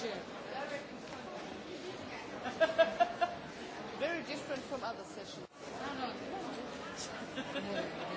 chair. Very different from other sessions. No, no.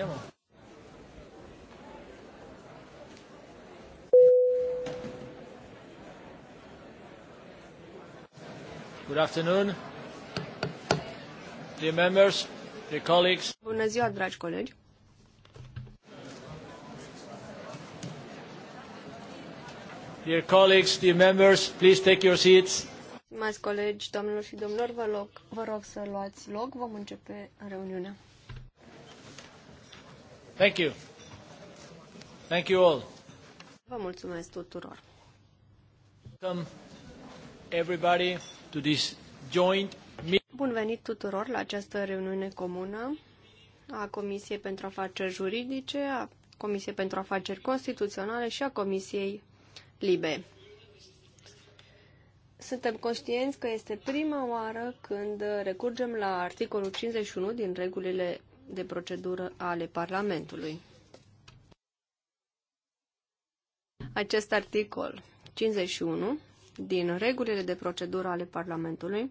andiamo? Good afternoon. Dear members, dear colleagues. Bună ziua, dragi colegi. Dear colleagues, dear members, please take your seats. Stimați colegi, domnilor și domnilor, vă, loc, vă rog să luați loc. Vom începe reuniunea. Thank you. Thank you all. Vă mulțumesc tuturor. Welcome everybody to this joint Bun venit tuturor la această reuniune comună a Comisiei pentru Afaceri Juridice, a Comisiei pentru Afaceri Constituționale și a Comisiei Libe. Suntem conștienți că este prima oară când recurgem la articolul 51 din regulile de procedură ale Parlamentului. Acest articol 51 din regulile de procedură ale Parlamentului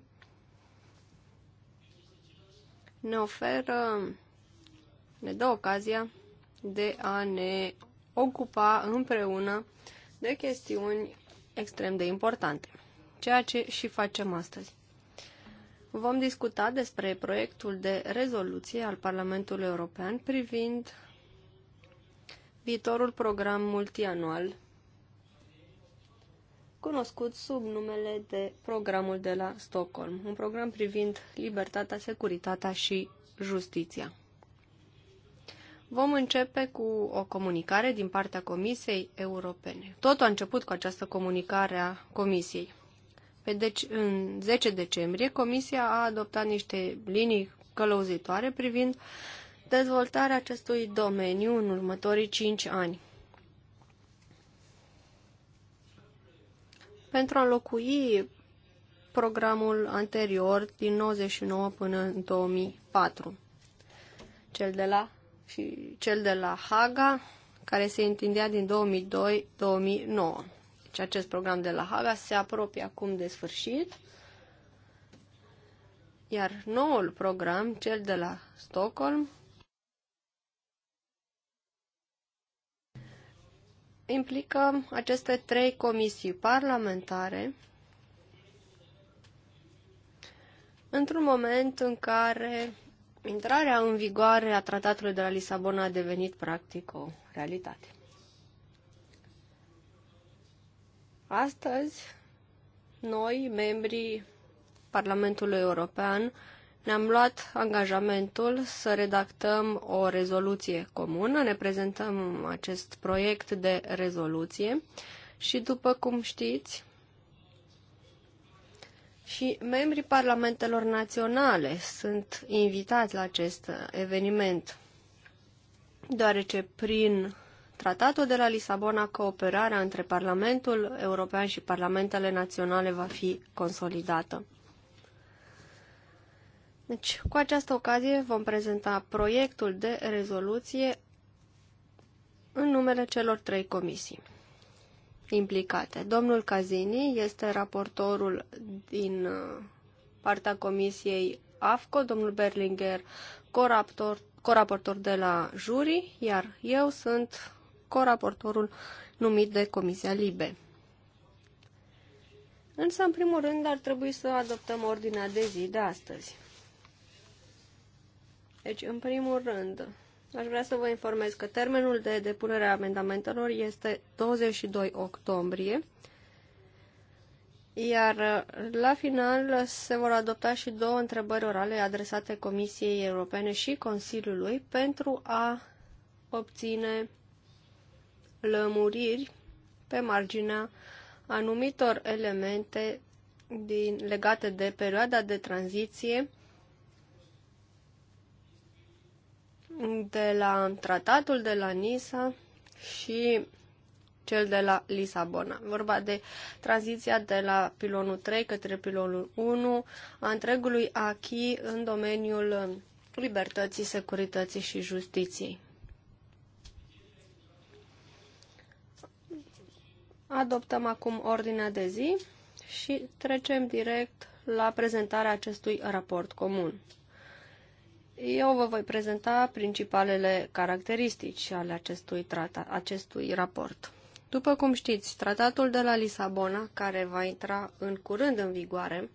ne oferă, ne dă ocazia de a ne ocupa împreună de chestiuni extrem de importante, ceea ce și facem astăzi vom discuta despre proiectul de rezoluție al Parlamentului European privind viitorul program multianual cunoscut sub numele de programul de la Stockholm, un program privind libertatea, securitatea și justiția. Vom începe cu o comunicare din partea Comisiei Europene. Totul a început cu această comunicare a Comisiei. Pe deci, în 10 decembrie, Comisia a adoptat niște linii călăuzitoare privind dezvoltarea acestui domeniu în următorii 5 ani. Pentru a înlocui programul anterior din 99 până în 2004, cel de la, și cel de la Haga, care se întindea din 2002-2009. Deci acest program de la Haga se apropie acum de sfârșit, iar noul program, cel de la Stockholm, implică aceste trei comisii parlamentare într-un moment în care intrarea în vigoare a tratatului de la Lisabona a devenit practic o realitate. Astăzi, noi, membrii Parlamentului European, ne-am luat angajamentul să redactăm o rezoluție comună, ne prezentăm acest proiect de rezoluție și, după cum știți, și membrii parlamentelor naționale sunt invitați la acest eveniment, deoarece prin tratatul de la Lisabona, cooperarea între Parlamentul European și Parlamentele Naționale va fi consolidată. Deci, cu această ocazie vom prezenta proiectul de rezoluție în numele celor trei comisii implicate. Domnul Cazini este raportorul din uh, partea comisiei AFCO, domnul Berlinger, coraptor, coraportor de la juri, iar eu sunt coraportorul numit de Comisia Libe. Însă, în primul rând, ar trebui să adoptăm ordinea de zi de astăzi. Deci, în primul rând, aș vrea să vă informez că termenul de depunere a amendamentelor este 22 octombrie, iar la final se vor adopta și două întrebări orale adresate Comisiei Europene și Consiliului pentru a obține lămuriri pe marginea anumitor elemente din, legate de perioada de tranziție de la tratatul de la Nisa și cel de la Lisabona. Vorba de tranziția de la pilonul 3 către pilonul 1 a întregului achi în domeniul libertății, securității și justiției. Adoptăm acum ordinea de zi și trecem direct la prezentarea acestui raport comun. Eu vă voi prezenta principalele caracteristici ale acestui, trata, acestui raport. După cum știți, tratatul de la Lisabona, care va intra în curând în vigoare,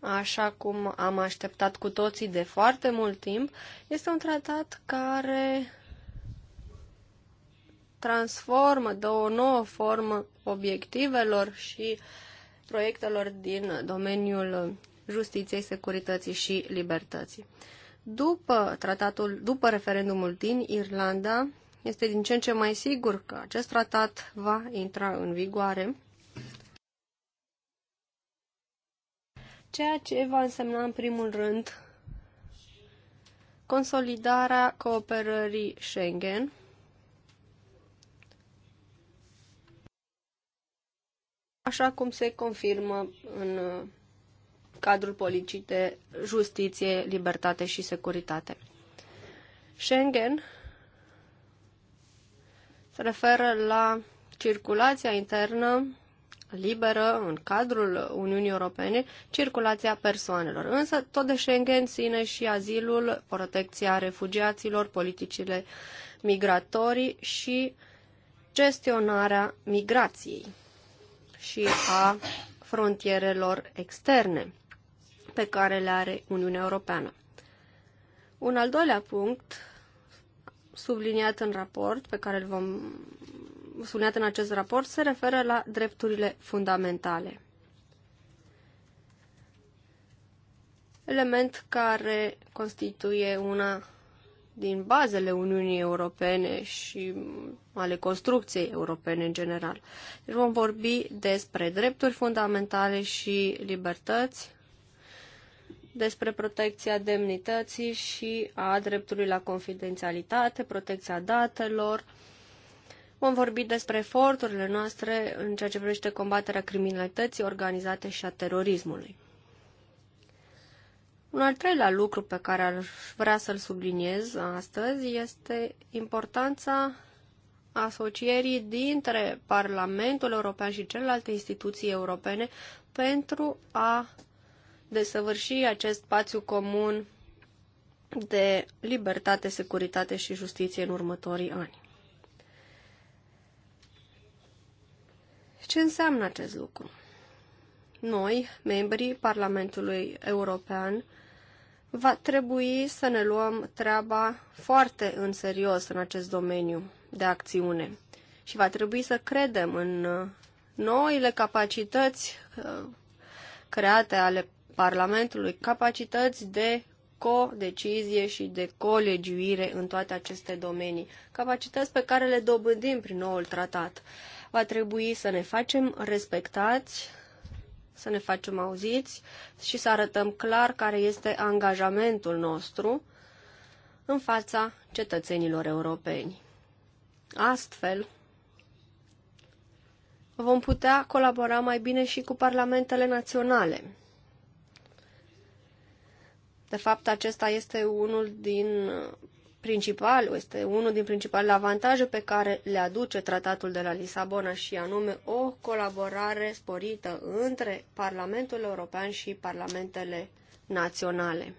așa cum am așteptat cu toții de foarte mult timp, este un tratat care transformă, dă o nouă formă obiectivelor și proiectelor din domeniul justiției, securității și libertății. După tratatul, după referendumul din Irlanda, este din ce în ce mai sigur că acest tratat va intra în vigoare, ceea ce va însemna în primul rând consolidarea cooperării Schengen, așa cum se confirmă în uh, cadrul politicii de justiție, libertate și securitate. Schengen se referă la circulația internă liberă în cadrul Uniunii Europene, circulația persoanelor. Însă tot de Schengen ține și azilul, protecția refugiaților, politicile migratorii și gestionarea migrației și a frontierelor externe pe care le are Uniunea Europeană. Un al doilea punct subliniat în raport, pe care îl vom subliniat în acest raport, se referă la drepturile fundamentale. Element care constituie una din bazele Uniunii Europene și ale construcției europene în general. Deci vom vorbi despre drepturi fundamentale și libertăți, despre protecția demnității și a dreptului la confidențialitate, protecția datelor. Vom vorbi despre eforturile noastre în ceea ce privește combaterea criminalității organizate și a terorismului. Un al treilea lucru pe care ar vrea să-l subliniez astăzi este importanța asocierii dintre Parlamentul European și celelalte instituții europene pentru a desăvârși acest spațiu comun de libertate, securitate și justiție în următorii ani. Ce înseamnă acest lucru? Noi, membrii Parlamentului European, va trebui să ne luăm treaba foarte în serios în acest domeniu de acțiune și va trebui să credem în uh, noile capacități uh, create ale Parlamentului, capacități de co-decizie și de colegiuire în toate aceste domenii, capacități pe care le dobândim prin noul tratat. Va trebui să ne facem respectați, să ne facem auziți și să arătăm clar care este angajamentul nostru în fața cetățenilor europeni. Astfel, vom putea colabora mai bine și cu parlamentele naționale. De fapt, acesta este unul din principal, este unul din principalele avantaje pe care le aduce tratatul de la Lisabona și anume o colaborare sporită între Parlamentul European și parlamentele naționale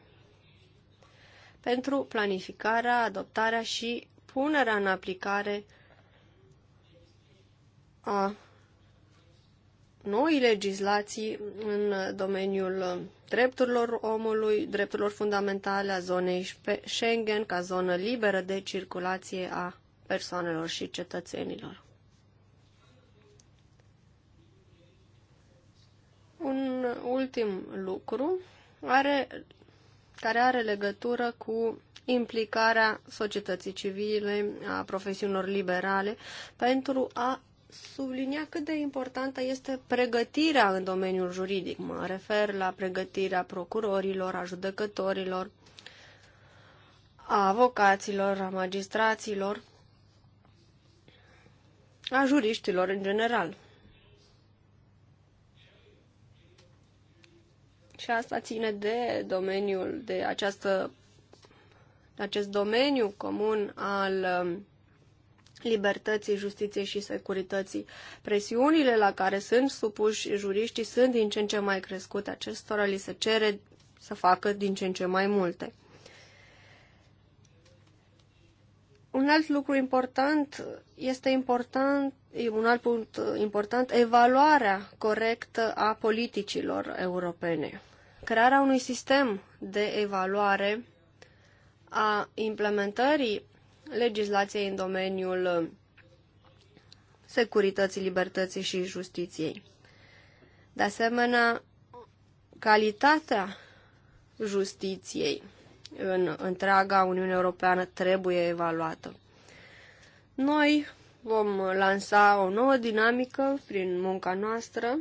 pentru planificarea, adoptarea și punerea în aplicare a noi legislații în domeniul drepturilor omului, drepturilor fundamentale a zonei Schengen ca zonă liberă de circulație a persoanelor și cetățenilor. Un ultim lucru are, care are legătură cu implicarea societății civile, a profesiunilor liberale, pentru a sublinia cât de importantă este pregătirea în domeniul juridic. Mă refer la pregătirea procurorilor, a judecătorilor, a avocaților, a magistraților, a juriștilor în general. Și asta ține de domeniul, de această, acest domeniu comun al um, libertății, justiției și securității. Presiunile la care sunt supuși juriștii sunt din ce în ce mai crescute. Acestora li se cere să facă din ce în ce mai multe. Un alt lucru important este important, un alt punct important, evaluarea corectă a politicilor europene. Crearea unui sistem de evaluare a implementării legislației în domeniul uh, securității, libertății și justiției. De asemenea, calitatea justiției în întreaga Uniune Europeană trebuie evaluată. Noi vom lansa o nouă dinamică prin munca noastră,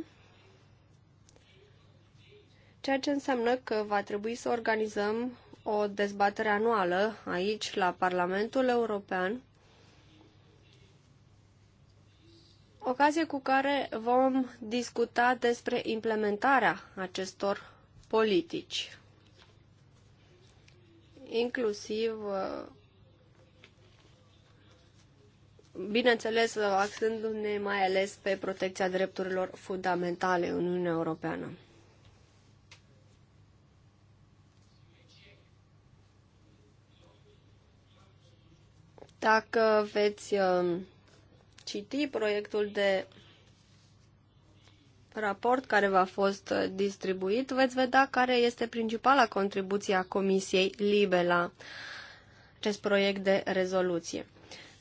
ceea ce înseamnă că va trebui să organizăm o dezbatere anuală aici, la Parlamentul European, ocazie cu care vom discuta despre implementarea acestor politici, inclusiv, bineînțeles, axându-ne mai ales pe protecția drepturilor fundamentale în Uniunea Europeană. Dacă veți um, citi proiectul de raport care v-a fost uh, distribuit, veți vedea care este principala contribuție a Comisiei Libe la acest proiect de rezoluție.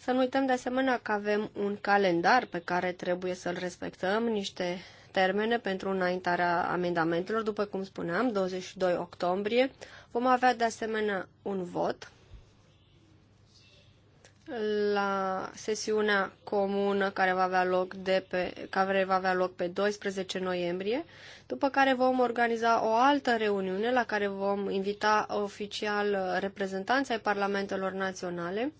Să nu uităm de asemenea că avem un calendar pe care trebuie să-l respectăm, niște termene pentru înaintarea amendamentelor, după cum spuneam, 22 octombrie. Vom avea de asemenea un vot la sesiunea comună care va avea loc, de pe, care va avea loc pe 12 noiembrie, după care vom organiza o altă reuniune la care vom invita oficial reprezentanții ai parlamentelor naționale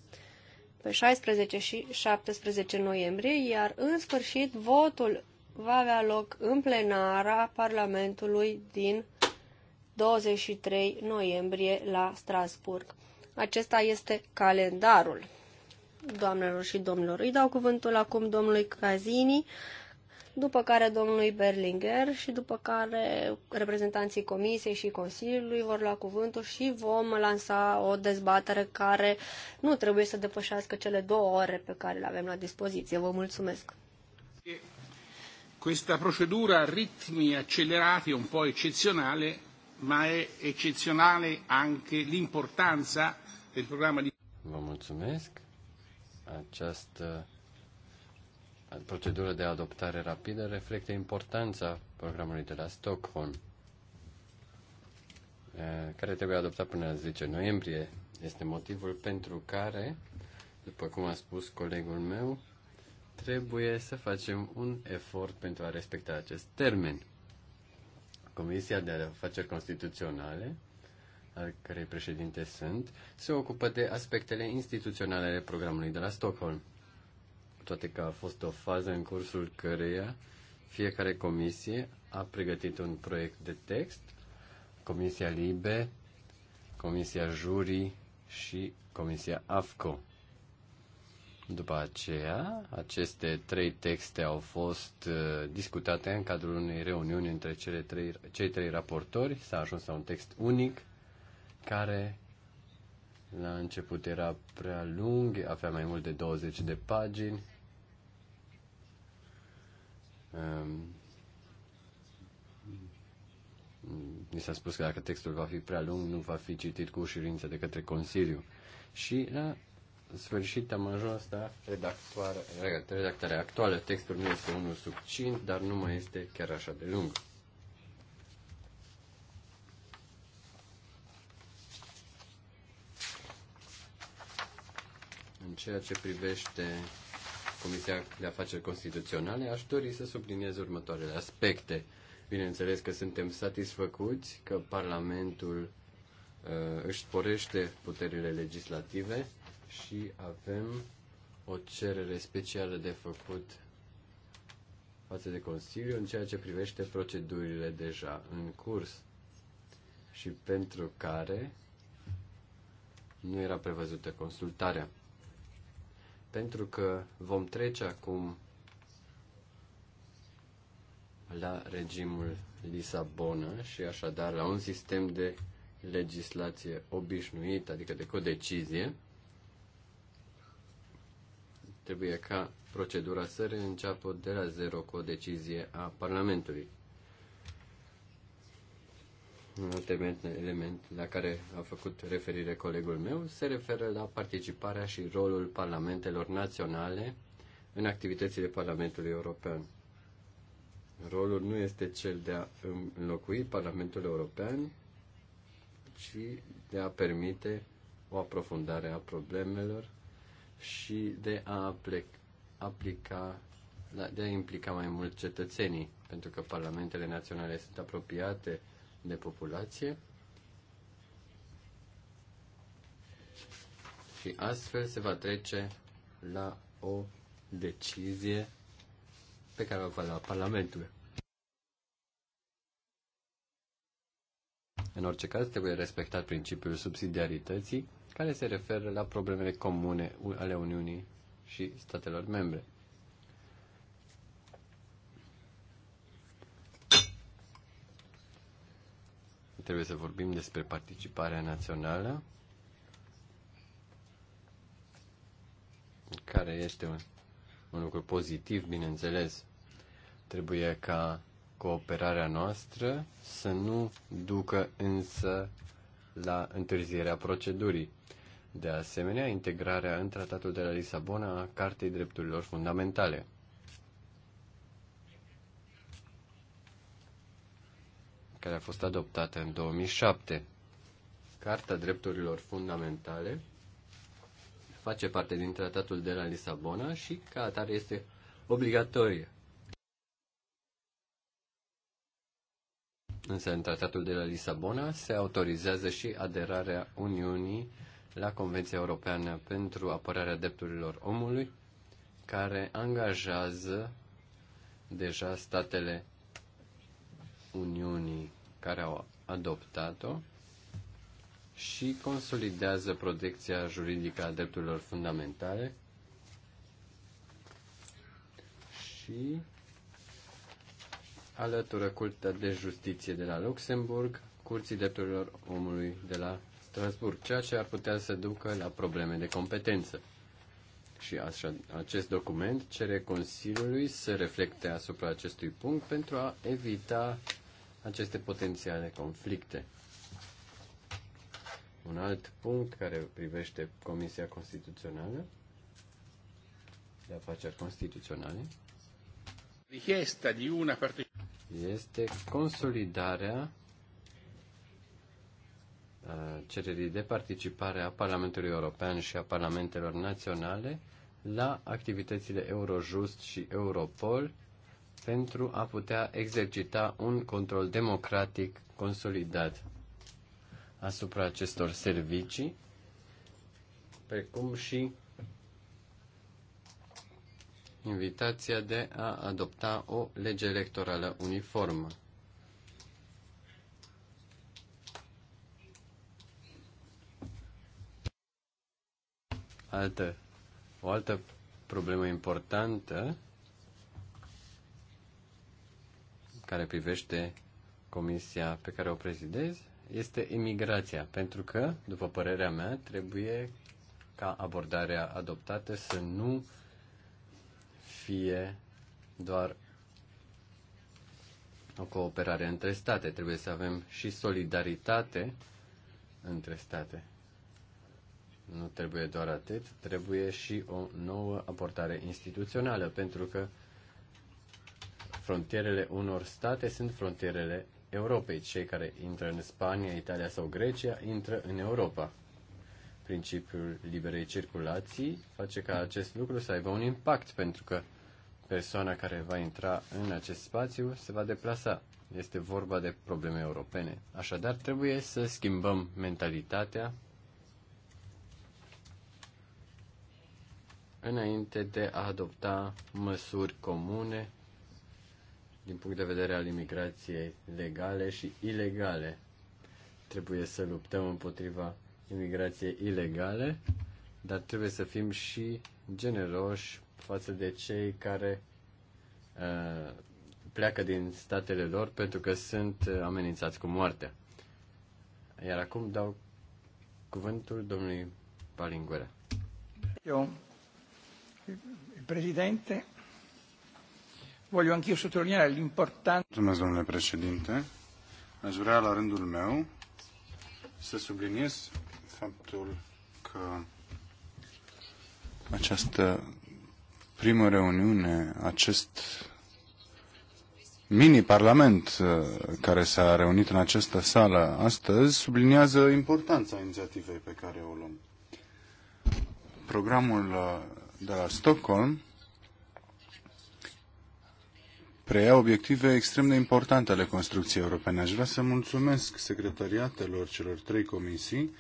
pe 16 și 17 noiembrie, iar în sfârșit votul va avea loc în plenara Parlamentului din 23 noiembrie la Strasburg. Acesta este calendarul doamnelor și domnilor. Îi dau cuvântul acum domnului Cazini, după care domnului Berlinger și după care reprezentanții Comisiei și Consiliului vor lua cuvântul și vom lansa o dezbatere care nu trebuie să depășească cele două ore pe care le avem la dispoziție. Vă mulțumesc! Questa procedura a ritmi accelerati è un po' eccezionale, ma è eccezionale anche l'importanza del programma di... Vă mulțumesc această procedură de adoptare rapidă reflectă importanța programului de la Stockholm, care trebuie adoptat până la 10 noiembrie. Este motivul pentru care, după cum a spus colegul meu, trebuie să facem un efort pentru a respecta acest termen. Comisia de Afaceri Constituționale al cărei președinte sunt, se ocupă de aspectele instituționale ale programului de la Stockholm. Toate că a fost o fază în cursul căreia fiecare comisie a pregătit un proiect de text, Comisia Libe, Comisia Jurii și Comisia AFCO. După aceea, aceste trei texte au fost uh, discutate în cadrul unei reuniuni între cele trei, cei trei raportori, s-a ajuns la un text unic care la început era prea lung, avea mai mult de 20 de pagini. Mi ehm, s-a spus că dacă textul va fi prea lung, nu va fi citit cu ușurință de către Consiliu. Și la sfârșit am ajuns la redactarea actuală. Textul nu este unul succint, dar nu mai este chiar așa de lung. În ceea ce privește Comisia de Afaceri Constituționale, aș dori să subliniez următoarele aspecte. Bineînțeles că suntem satisfăcuți că Parlamentul uh, își sporește puterile legislative și avem o cerere specială de făcut față de Consiliu în ceea ce privește procedurile deja în curs și pentru care nu era prevăzută consultarea pentru că vom trece acum la regimul Lisabona și așadar la un sistem de legislație obișnuit, adică de codecizie, trebuie ca procedura să reînceapă de la zero cu o decizie a Parlamentului. Un alt element la care a făcut referire colegul meu se referă la participarea și rolul parlamentelor naționale în activitățile Parlamentului European. Rolul nu este cel de a înlocui Parlamentul European, ci de a permite o aprofundare a problemelor și de a aplica, de a implica mai mult cetățenii, pentru că parlamentele naționale sunt apropiate de populație și astfel se va trece la o decizie pe care o va lua Parlamentul. În orice caz, trebuie respectat principiul subsidiarității, care se referă la problemele comune ale Uniunii și statelor membre. trebuie să vorbim despre participarea națională, care este un, un lucru pozitiv, bineînțeles. Trebuie ca cooperarea noastră să nu ducă însă la întârzierea procedurii. De asemenea, integrarea în Tratatul de la Lisabona a Cartei Drepturilor Fundamentale. care a fost adoptată în 2007. Carta Drepturilor Fundamentale face parte din tratatul de la Lisabona și ca atare este obligatorie. Însă în tratatul de la Lisabona se autorizează și aderarea Uniunii la Convenția Europeană pentru apărarea drepturilor omului, care angajează deja statele Uniunii care au adoptat-o și consolidează protecția juridică a drepturilor fundamentale și alătură Curtea de Justiție de la Luxemburg, Curții Drepturilor Omului de la Strasburg, ceea ce ar putea să ducă la probleme de competență. Și așa, acest document cere Consiliului să reflecte asupra acestui punct pentru a evita aceste potențiale conflicte. Un alt punct care privește Comisia Constituțională de afaceri constituționale una parte este consolidarea cererii de participare a Parlamentului European și a Parlamentelor Naționale la activitățile Eurojust și Europol pentru a putea exercita un control democratic consolidat asupra acestor servicii, precum și invitația de a adopta o lege electorală uniformă. Altă, o altă problemă importantă care privește comisia pe care o prezidez este imigrația, pentru că, după părerea mea, trebuie ca abordarea adoptată să nu fie doar o cooperare între state. Trebuie să avem și solidaritate între state. Nu trebuie doar atât, trebuie și o nouă abordare instituțională, pentru că frontierele unor state sunt frontierele Europei. Cei care intră în Spania, Italia sau Grecia intră în Europa. Principiul liberei circulații face ca acest lucru să aibă un impact, pentru că persoana care va intra în acest spațiu se va deplasa. Este vorba de probleme europene. Așadar, trebuie să schimbăm mentalitatea înainte de a adopta măsuri comune din punct de vedere al imigrației legale și ilegale. Trebuie să luptăm împotriva imigrației ilegale, dar trebuie să fim și generoși față de cei care uh, pleacă din statele lor pentru că sunt uh, amenințați cu moartea. Iar acum dau cuvântul domnului Palingura. Eu, președinte, Voglio anch'io sottolineare l'importanza. Mulțumesc, domnule președinte. Aș vrea, la rândul meu, să subliniez faptul că această primă reuniune, acest mini-parlament uh, care s-a reunit în această sală astăzi, subliniază importanța inițiativei pe care o luăm. Programul uh, de la Stockholm preia obiective extrem de importante ale construcției europene. Aș vrea să mulțumesc secretariatelor celor trei comisii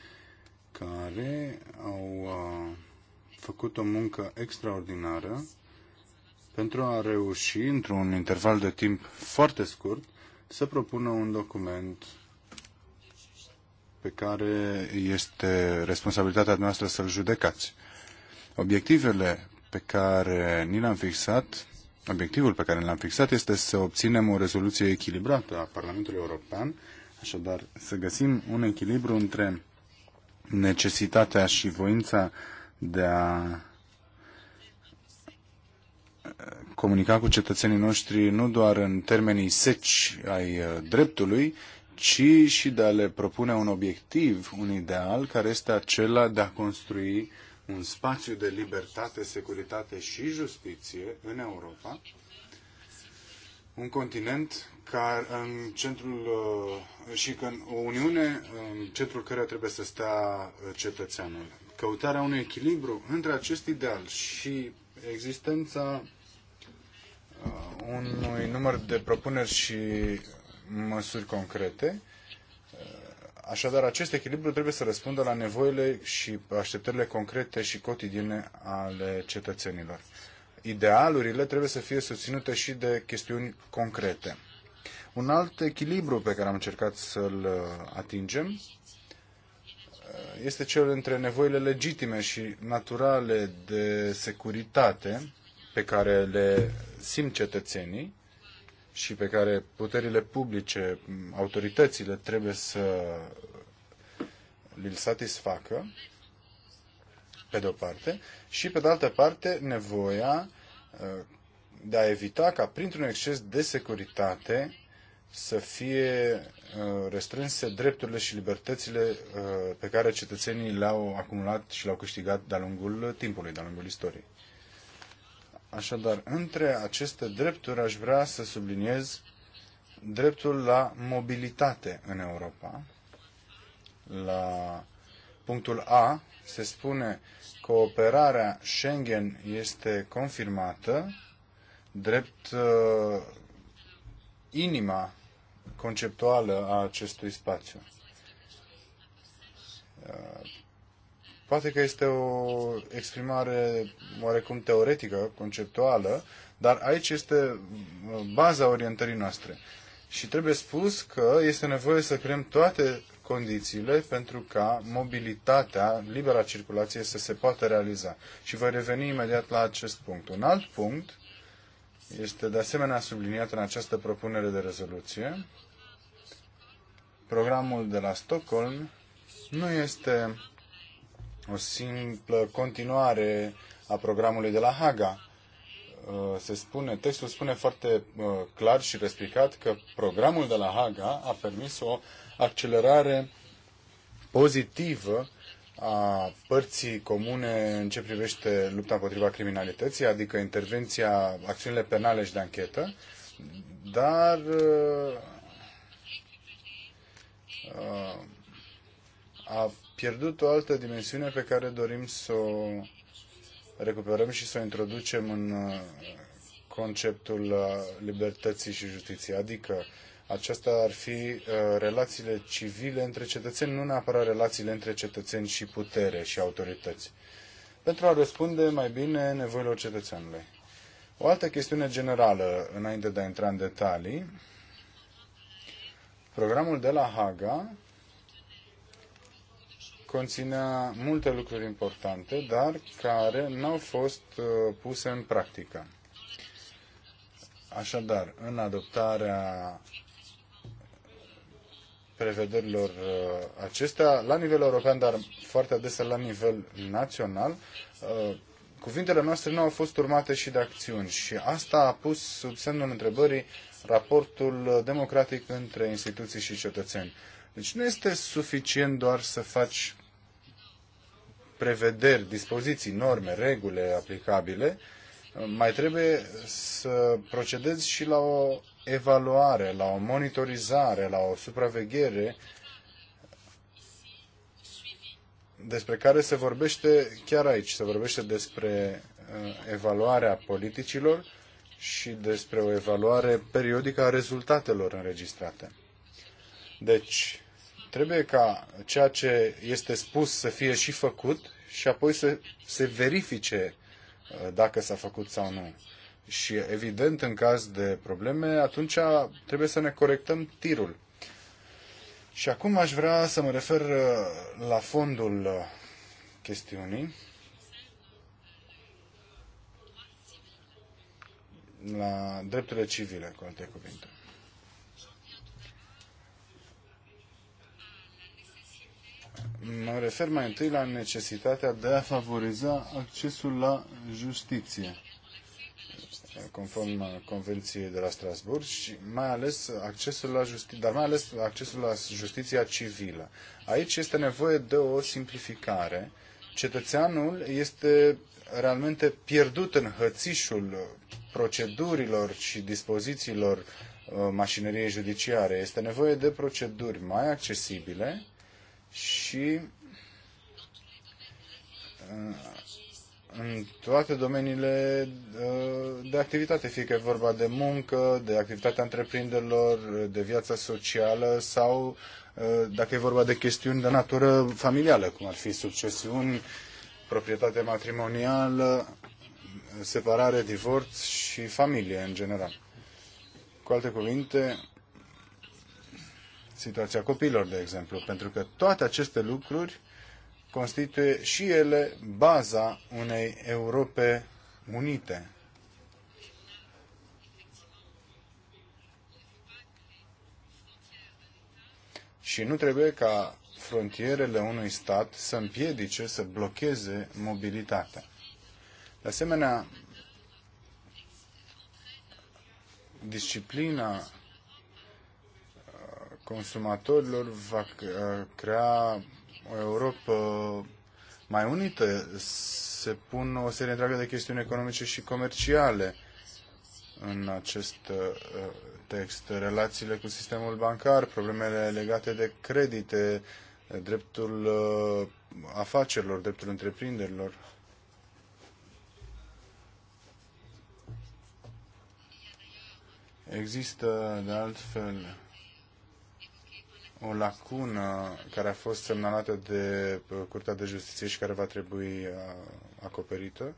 care au uh, făcut o muncă extraordinară pentru a reuși, într-un interval de timp foarte scurt, să propună un document pe care este responsabilitatea noastră să-l judecați. Obiectivele pe care ni le-am fixat obiectivul pe care l-am fixat este să obținem o rezoluție echilibrată a Parlamentului European, așadar să găsim un echilibru între necesitatea și voința de a eh, comunica cu cetățenii noștri nu doar în termenii seci ai eh, dreptului, ci și de a le propune un obiectiv, un ideal, care este acela de a construi un spațiu de libertate, securitate și justiție în Europa, un continent care în centrul uh, și că în o Uniune în centrul care trebuie să stea cetățeanul. Căutarea unui echilibru între acest ideal și existența uh, unui număr de propuneri și măsuri concrete Așadar, acest echilibru trebuie să răspundă la nevoile și așteptările concrete și cotidiene ale cetățenilor. Idealurile trebuie să fie susținute și de chestiuni concrete. Un alt echilibru pe care am încercat să-l uh, atingem uh, este cel între nevoile legitime și naturale de securitate pe care le simt cetățenii și pe care puterile publice, autoritățile trebuie să îl satisfacă, pe de o parte, și pe de altă parte nevoia uh, de a evita ca printr-un exces de securitate să fie uh, restrânse drepturile și libertățile uh, pe care cetățenii le-au acumulat și le-au câștigat de-a lungul timpului, de-a lungul istoriei. Așadar, între aceste drepturi aș vrea să subliniez dreptul la mobilitate în Europa. La punctul A se spune cooperarea Schengen este confirmată drept uh, inima conceptuală a acestui spațiu. Uh, Poate că este o exprimare oarecum teoretică, conceptuală, dar aici este uh, baza orientării noastre. Și trebuie spus că este nevoie să creăm toate condițiile pentru ca mobilitatea, libera circulație să se poată realiza. Și voi reveni imediat la acest punct. Un alt punct este de asemenea subliniat în această propunere de rezoluție. Programul de la Stockholm nu este o simplă continuare a programului de la Haga. Uh, se spune, textul spune foarte uh, clar și respicat că programul de la Haga a permis o accelerare pozitivă a părții comune în ce privește lupta împotriva criminalității, adică intervenția, acțiunile penale și de anchetă, dar uh, a pierdut o altă dimensiune pe care dorim să o recuperăm și să o introducem în uh, conceptul uh, libertății și justiției. Adică aceasta ar fi uh, relațiile civile între cetățeni, nu neapărat relațiile între cetățeni și putere și autorități. Pentru a răspunde mai bine nevoilor cetățeanului. O altă chestiune generală, înainte de a intra în detalii, programul de la Haga conținea multe lucruri importante, dar care n-au fost uh, puse în practică. Așadar, în adoptarea prevederilor uh, acestea, la nivel european, dar foarte adesea la nivel național, uh, cuvintele noastre nu au fost urmate și de acțiuni și asta a pus sub semnul întrebării raportul democratic între instituții și cetățeni. Deci nu este suficient doar să faci prevederi, dispoziții, norme, regule aplicabile, mai trebuie să procedezi și la o evaluare, la o monitorizare, la o supraveghere despre care se vorbește chiar aici, se vorbește despre uh, evaluarea politicilor și despre o evaluare periodică a rezultatelor înregistrate. Deci, Trebuie ca ceea ce este spus să fie și făcut și apoi să se verifice uh, dacă s-a făcut sau nu. Și evident, în caz de probleme, atunci trebuie să ne corectăm tirul. Și acum aș vrea să mă refer uh, la fondul uh, chestiunii, la drepturile civile, cu alte cuvinte. Mă refer mai întâi la necesitatea de a favoriza accesul la justiție, conform Convenției de la Strasburg, și mai ales accesul la justiție, dar mai ales accesul la justiția civilă. Aici este nevoie de o simplificare. Cetățeanul este realmente pierdut în hățișul procedurilor și dispozițiilor uh, mașineriei judiciare. Este nevoie de proceduri mai accesibile, și în toate domeniile uh, de activitate, fie că e vorba de muncă, de activitatea întreprinderilor, de viața socială sau uh, dacă e vorba de chestiuni de natură familială, cum ar fi succesiuni, proprietate matrimonială, separare, divorț și familie în general. Cu alte cuvinte, situația copiilor, de exemplu, pentru că toate aceste lucruri constituie și ele baza unei Europe unite. Și nu trebuie ca frontierele unui stat să împiedice, să blocheze mobilitatea. De asemenea, disciplina consumatorilor va crea o Europa mai unită. Se pun o serie întreagă de chestiuni economice și comerciale în acest uh, text. Relațiile cu sistemul bancar, problemele legate de credite, dreptul uh, afacerilor, dreptul întreprinderilor. Există, de altfel, o lacună care a fost semnalată de uh, Curtea de Justiție și care va trebui uh, acoperită.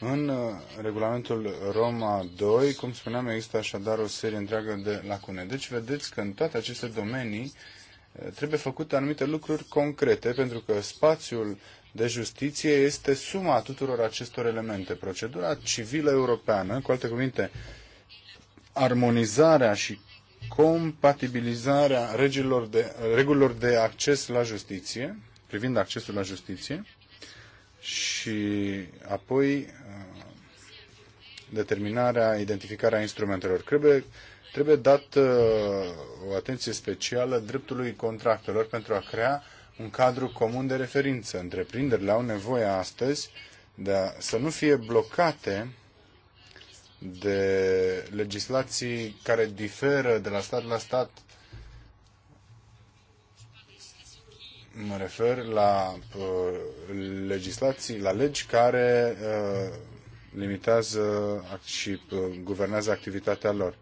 În uh, regulamentul Roma 2, cum spuneam, există așadar o serie întreagă de lacune. Deci vedeți că în toate aceste domenii trebuie făcute anumite lucruri concrete, pentru că spațiul de justiție este suma tuturor acestor elemente. Procedura civilă europeană, cu alte cuvinte, armonizarea și compatibilizarea regilor de, regulilor de acces la justiție, privind accesul la justiție, și apoi uh, determinarea, identificarea instrumentelor. Trebuie, trebuie dat uh, o atenție specială dreptului contractelor pentru a crea un cadru comun de referință. Întreprinderile au nevoie astăzi de a, să nu fie blocate de legislații care diferă de la stat la stat. Mă refer la uh, legislații, la legi care uh, limitează și uh, guvernează activitatea lor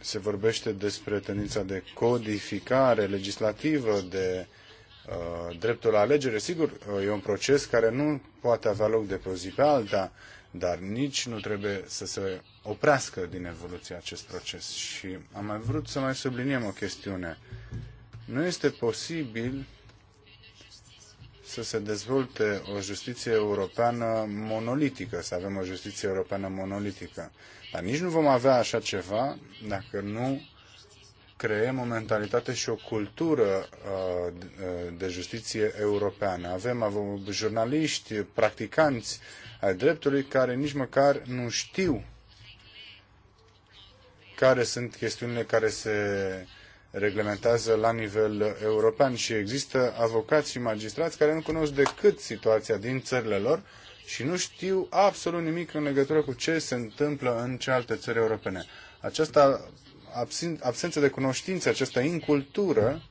se vorbește despre tendința de codificare legislativă, de uh, dreptul la alegere. Sigur, uh, e un proces care nu poate avea loc de pe o zi pe alta, dar nici nu trebuie să se oprească din evoluția acest proces. Și am mai vrut să mai subliniem o chestiune. Nu este posibil să se dezvolte o justiție europeană monolitică, să avem o justiție europeană monolitică. Dar nici nu vom avea așa ceva dacă nu creăm o mentalitate și o cultură uh, uh, de justiție europeană. Avem, avem jurnaliști, practicanți ai dreptului care nici măcar nu știu care sunt chestiunile care se reglementează la nivel european și există avocați și magistrați care nu cunosc decât situația din țările lor și nu știu absolut nimic în legătură cu ce se întâmplă în celelalte țări europene. Această absen- absență de cunoștință, această incultură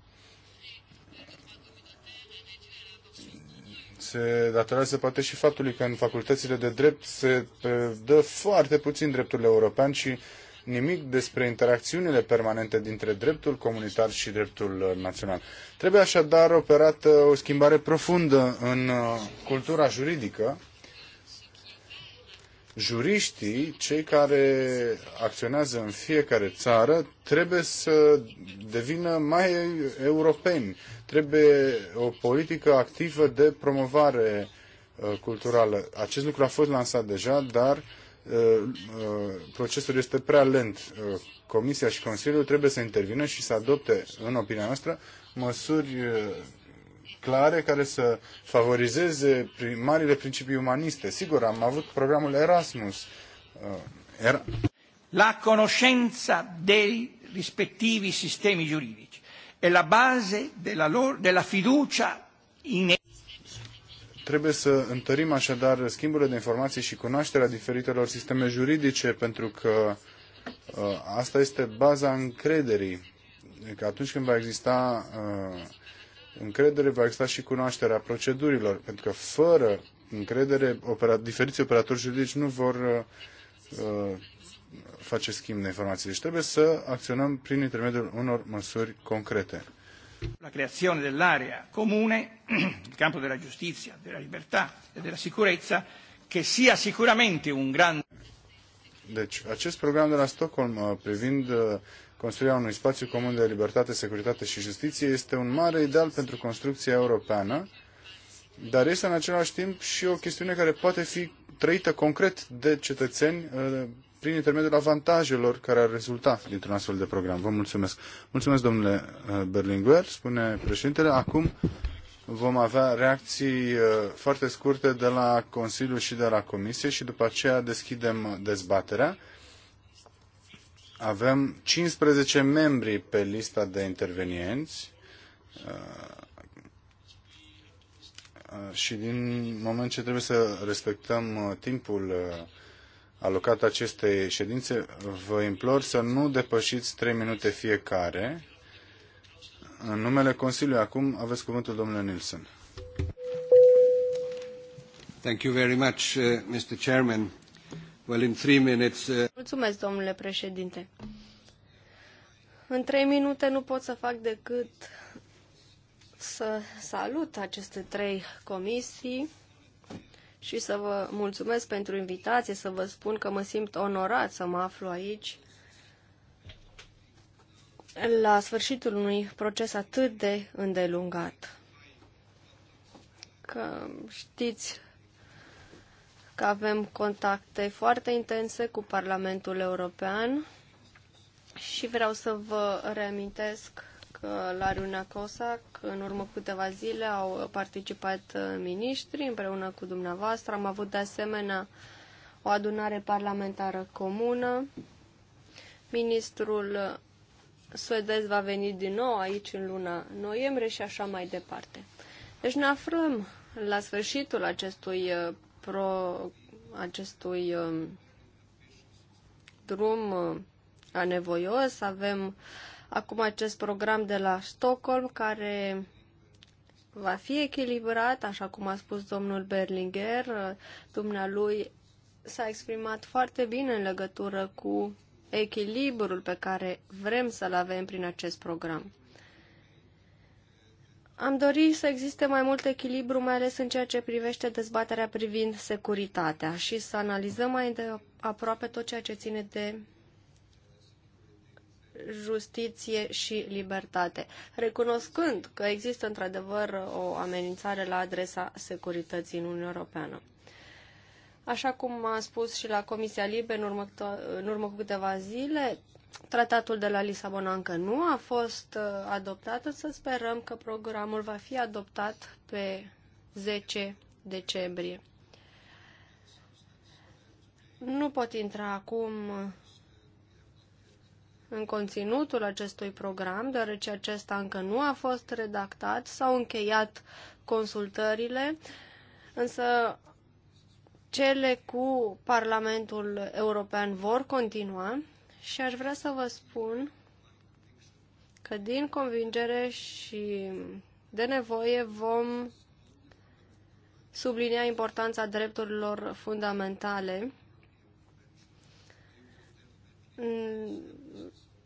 se datorează poate și faptului că în facultățile de drept se dă foarte puțin dreptul european și nimic despre interacțiunile permanente dintre dreptul comunitar și dreptul uh, național. Trebuie așadar operată o schimbare profundă în uh, cultura juridică. Juriștii, cei care acționează în fiecare țară, trebuie să devină mai europeni. Trebuie o politică activă de promovare uh, culturală. Acest lucru a fost lansat deja, dar Uh, procesul este prea lent. Uh, Comisia și Consiliul trebuie să intervină și să adopte, în opinia noastră, măsuri uh, clare care să favorizeze marile principii umaniste. Sigur, am avut programul Erasmus. Era... La conoscenza dei rispettivi sistemi giuridici e la base della, loro, della fiducia in Trebuie să întărim așadar schimburile de informații și cunoașterea diferitelor sisteme juridice, pentru că uh, asta este baza încrederii. Că atunci când va exista uh, încredere, va exista și cunoașterea procedurilor, pentru că fără încredere, opera, diferiți operatori juridici nu vor uh, face schimb de informații. Deci trebuie să acționăm prin intermediul unor măsuri concrete. La creazione dell'area comune, il campo della giustizia, della libertà e della sicurezza, che sia sicuramente un grande... Deci, acest program de la Stockholm uh, privind uh, construirea unui spațiu comun de libertate, securitate și justiție este un mare ideal pentru construcția europeană, dar este în același timp și o chestiune care poate fi trăită concret de cetățeni uh, prin intermediul avantajelor care ar rezulta dintr-un astfel de program. Vă mulțumesc. Mulțumesc, domnule uh, Berlinguer, spune președintele. Acum vom avea reacții uh, foarte scurte de la Consiliu și de la Comisie și după aceea deschidem dezbaterea. Avem 15 membri pe lista de intervenienți uh, și din moment ce trebuie să respectăm timpul alocat acestei ședințe, vă implor să nu depășiți 3 minute fiecare. În numele Consiliului, acum aveți cuvântul domnule Nilsson. Thank you very much, uh, Mr. Chairman. Well, in three minutes, uh... Mulțumesc, domnule președinte. În trei minute nu pot să fac decât să salut aceste trei comisii și să vă mulțumesc pentru invitație, să vă spun că mă simt onorat să mă aflu aici la sfârșitul unui proces atât de îndelungat. Că știți că avem contacte foarte intense cu Parlamentul European și vreau să vă reamintesc la reuniunea COSAC. În urmă câteva zile au participat uh, miniștri împreună cu dumneavoastră. Am avut de asemenea o adunare parlamentară comună. Ministrul uh, suedez va veni din nou aici în luna noiembrie și așa mai departe. Deci ne aflăm la sfârșitul acestui, uh, pro, acestui um, drum anevoios. Avem uh, acum acest program de la Stockholm care va fi echilibrat, așa cum a spus domnul Berlinger. Dumnealui s-a exprimat foarte bine în legătură cu echilibrul pe care vrem să-l avem prin acest program. Am dorit să existe mai mult echilibru, mai ales în ceea ce privește dezbaterea privind securitatea și să analizăm mai de aproape tot ceea ce ține de justiție și libertate, recunoscând că există într-adevăr o amenințare la adresa securității în Uniunea Europeană. Așa cum am spus și la Comisia Libe în urmă, în urmă cu câteva zile, tratatul de la Lisabona încă nu a fost uh, adoptat, însă sperăm că programul va fi adoptat pe 10 decembrie. Nu pot intra acum în conținutul acestui program, deoarece acesta încă nu a fost redactat, s-au încheiat consultările, însă cele cu Parlamentul European vor continua și aș vrea să vă spun că din convingere și de nevoie vom sublinia importanța drepturilor fundamentale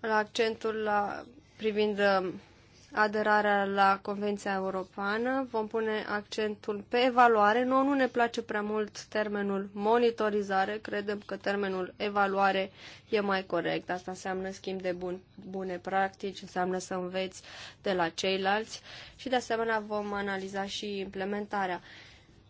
la accentul la, privind um, aderarea la Convenția Europeană, vom pune accentul pe evaluare. Nu, nu ne place prea mult termenul monitorizare, credem că termenul evaluare e mai corect. Asta înseamnă schimb de bun, bune practici, înseamnă să înveți de la ceilalți și de asemenea vom analiza și implementarea.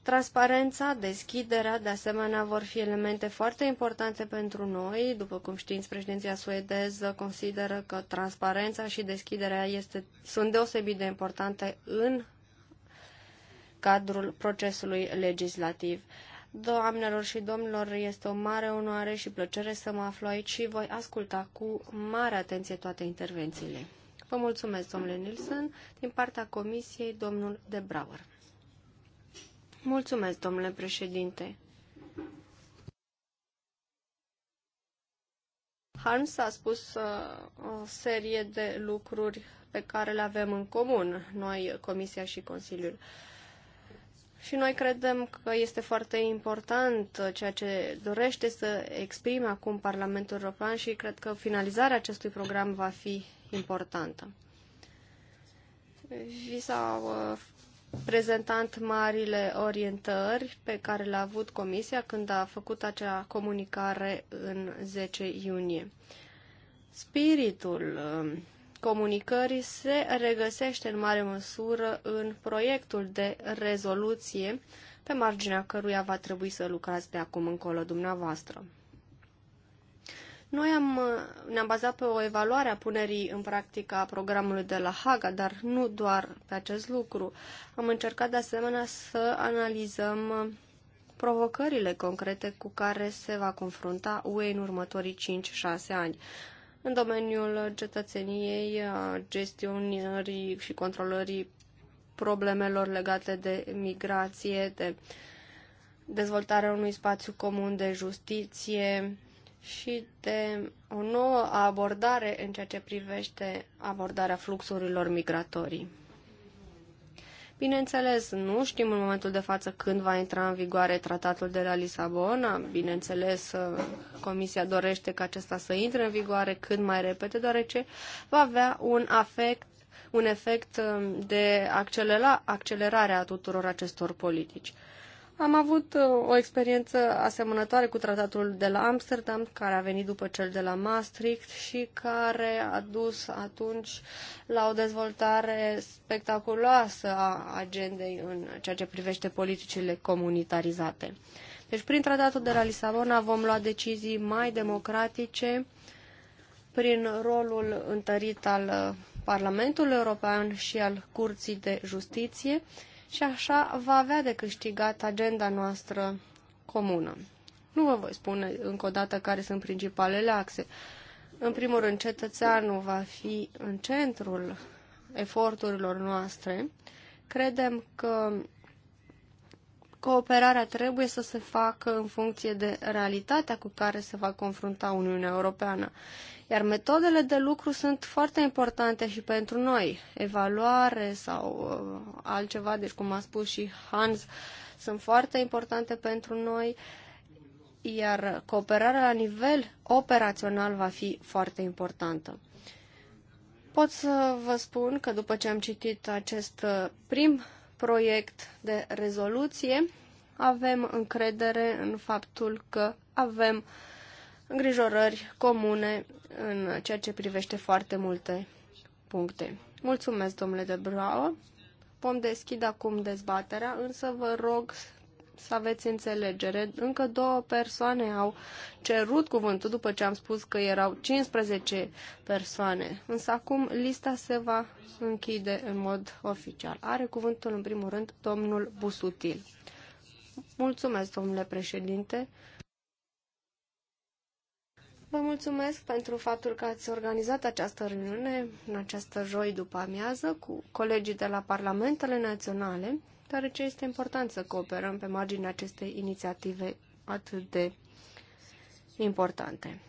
Transparența, deschiderea, de asemenea, vor fi elemente foarte importante pentru noi. După cum știți, președinția suedeză consideră că transparența și deschiderea este, sunt deosebit de importante în cadrul procesului legislativ. Doamnelor și domnilor, este o mare onoare și plăcere să mă aflu aici și voi asculta cu mare atenție toate intervențiile. Vă mulțumesc, domnule Nilsson, din partea Comisiei, domnul De Brauer. Mulțumesc, domnule președinte. Hans a spus uh, o serie de lucruri pe care le avem în comun, noi, Comisia și Consiliul. Și noi credem că este foarte important uh, ceea ce dorește să exprime acum Parlamentul European și cred că finalizarea acestui program va fi importantă. Vi s-au uh, prezentând marile orientări pe care le-a avut Comisia când a făcut acea comunicare în 10 iunie. Spiritul um, comunicării se regăsește în mare măsură în proiectul de rezoluție pe marginea căruia va trebui să lucrați de acum încolo dumneavoastră. Noi am, ne-am bazat pe o evaluare a punerii în practică a programului de la Haga, dar nu doar pe acest lucru. Am încercat de asemenea să analizăm uh, provocările concrete cu care se va confrunta UE în următorii 5-6 ani în domeniul cetățeniei, gestionării și controlării problemelor legate de migrație, de dezvoltarea unui spațiu comun de justiție, și de o nouă abordare în ceea ce privește abordarea fluxurilor migratorii. Bineînțeles, nu știm în momentul de față când va intra în vigoare tratatul de la Lisabona. Bineînțeles, uh, Comisia dorește ca acesta să intre în vigoare cât mai repede, deoarece va avea un efect un efect uh, de accelerare a tuturor acestor politici. Am avut uh, o experiență asemănătoare cu tratatul de la Amsterdam, care a venit după cel de la Maastricht și care a dus atunci la o dezvoltare spectaculoasă a agendei în ceea ce privește politicile comunitarizate. Deci, prin tratatul de la Lisabona vom lua decizii mai democratice prin rolul întărit al uh, Parlamentului European și al Curții de Justiție și așa va avea de câștigat agenda noastră comună. Nu vă voi spune încă o dată care sunt principalele axe. În primul rând, cetățeanul va fi în centrul eforturilor noastre. Credem că Cooperarea trebuie să se facă în funcție de realitatea cu care se va confrunta Uniunea Europeană. Iar metodele de lucru sunt foarte importante și pentru noi. Evaluare sau uh, altceva, deci cum a spus și Hans, sunt foarte importante pentru noi, iar cooperarea la nivel operațional va fi foarte importantă. Pot să vă spun că după ce am citit acest uh, prim proiect de rezoluție. Avem încredere în faptul că avem îngrijorări comune în ceea ce privește foarte multe puncte. Mulțumesc, domnule de Brau. Vom deschide acum dezbaterea, însă vă rog să aveți înțelegere. Încă două persoane au cerut cuvântul după ce am spus că erau 15 persoane. Însă acum lista se va închide în mod oficial. Are cuvântul în primul rând domnul Busutil. Mulțumesc, domnule președinte. Vă mulțumesc pentru faptul că ați organizat această reuniune în această joi după amiază cu colegii de la Parlamentele Naționale deoarece este important să cooperăm pe marginea acestei inițiative atât de importante.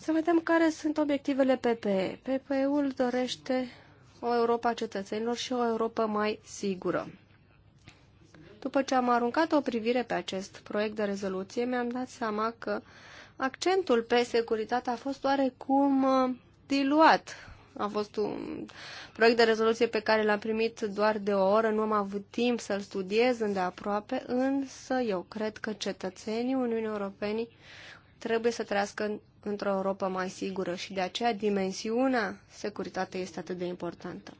Să vedem care sunt obiectivele PPE. PPE-ul dorește o Europa a cetățenilor și o Europa mai sigură. După ce am aruncat o privire pe acest proiect de rezoluție, mi-am dat seama că accentul pe securitate a fost oarecum uh, diluat a fost un proiect de rezoluție pe care l-am primit doar de o oră, nu am avut timp să-l studiez îndeaproape, însă eu cred că cetățenii Uniunii Europene trebuie să trăiască într-o Europa mai sigură și de aceea dimensiunea securitatea este atât de importantă.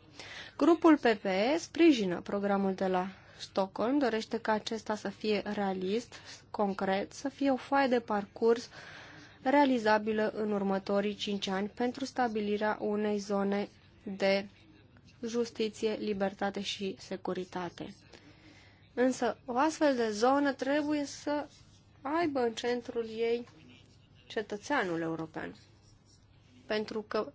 Grupul PPE sprijină programul de la Stockholm, dorește ca acesta să fie realist, concret, să fie o foaie de parcurs uh, realizabilă în următorii cinci ani pentru stabilirea unei zone de justiție, libertate și securitate. Însă, o astfel de zonă trebuie să aibă în centrul ei cetățeanul european. Pentru că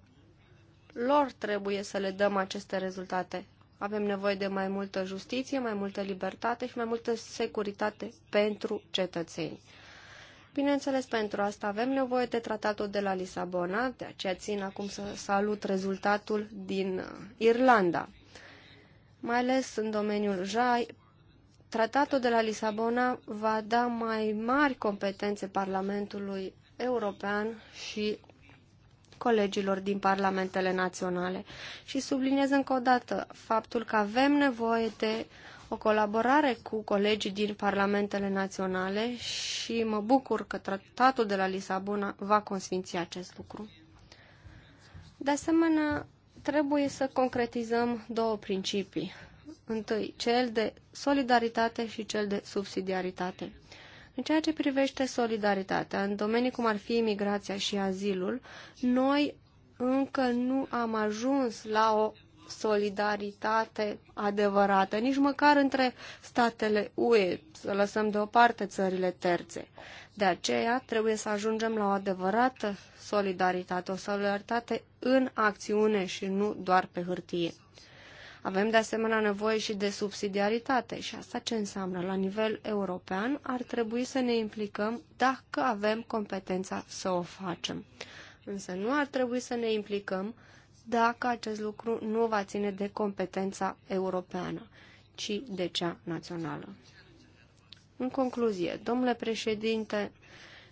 lor trebuie să le dăm aceste rezultate. Avem nevoie de mai multă justiție, mai multă libertate și mai multă securitate pentru cetățeni. Bineînțeles, pentru asta avem nevoie de tratatul de la Lisabona, de aceea țin acum să salut rezultatul din uh, Irlanda. Mai ales în domeniul JAI, tratatul de la Lisabona va da mai mari competențe Parlamentului European și colegilor din parlamentele naționale. Și subliniez încă o dată faptul că avem nevoie de o colaborare cu colegii din parlamentele naționale și mă bucur că tratatul de la Lisabona va consfinți acest lucru. De asemenea, trebuie să concretizăm două principii. Întâi, cel de solidaritate și cel de subsidiaritate. În ceea ce privește solidaritatea, în domenii cum ar fi imigrația și azilul, noi încă nu am ajuns la o solidaritate adevărată, nici măcar între statele UE, să lăsăm deoparte țările terțe. De aceea trebuie să ajungem la o adevărată solidaritate, o solidaritate în acțiune și nu doar pe hârtie. Avem de asemenea nevoie și de subsidiaritate și asta ce înseamnă? La nivel european ar trebui să ne implicăm dacă avem competența să o facem. Însă nu ar trebui să ne implicăm dacă acest lucru nu va ține de competența europeană, ci de cea națională. În concluzie, domnule președinte,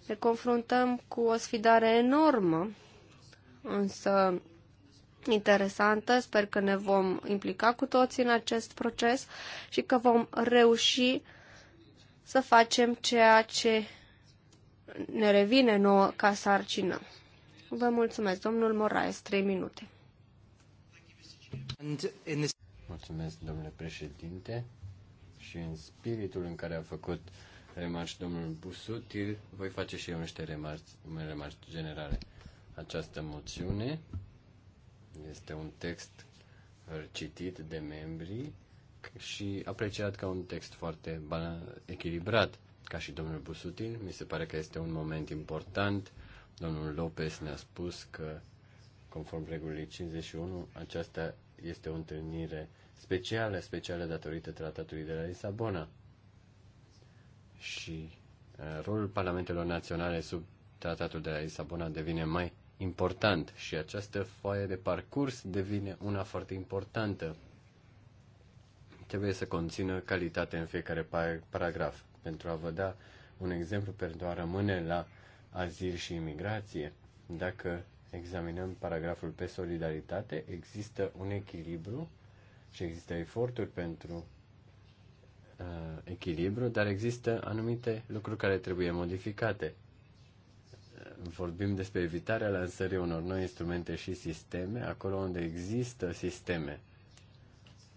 ne confruntăm cu o sfidare enormă, însă interesantă. Sper că ne vom implica cu toții în acest proces și că vom reuși să facem ceea ce ne revine nouă ca sarcină. Vă mulțumesc, domnul Moraes, Trei minute. Mulțumesc, domnule președinte, și în spiritul în care a făcut remarci domnul Busutil, voi face și eu niște remarci, remarci generale. Această moțiune este un text citit de membri și apreciat ca un text foarte echilibrat, ca și domnul Busutil. Mi se pare că este un moment important. Domnul Lopez ne-a spus că, conform regulii 51, aceasta este o întâlnire specială, specială datorită tratatului de la Lisabona. Și uh, rolul parlamentelor naționale sub tratatul de la Lisabona devine mai important și această foaie de parcurs devine una foarte importantă. Trebuie să conțină calitate în fiecare paragraf. Pentru a vă da un exemplu, pentru a rămâne la azil și imigrație, dacă examinăm paragraful pe solidaritate, există un echilibru și există eforturi pentru uh, echilibru, dar există anumite lucruri care trebuie modificate. Uh, vorbim despre evitarea lansării unor noi instrumente și sisteme, acolo unde există sisteme.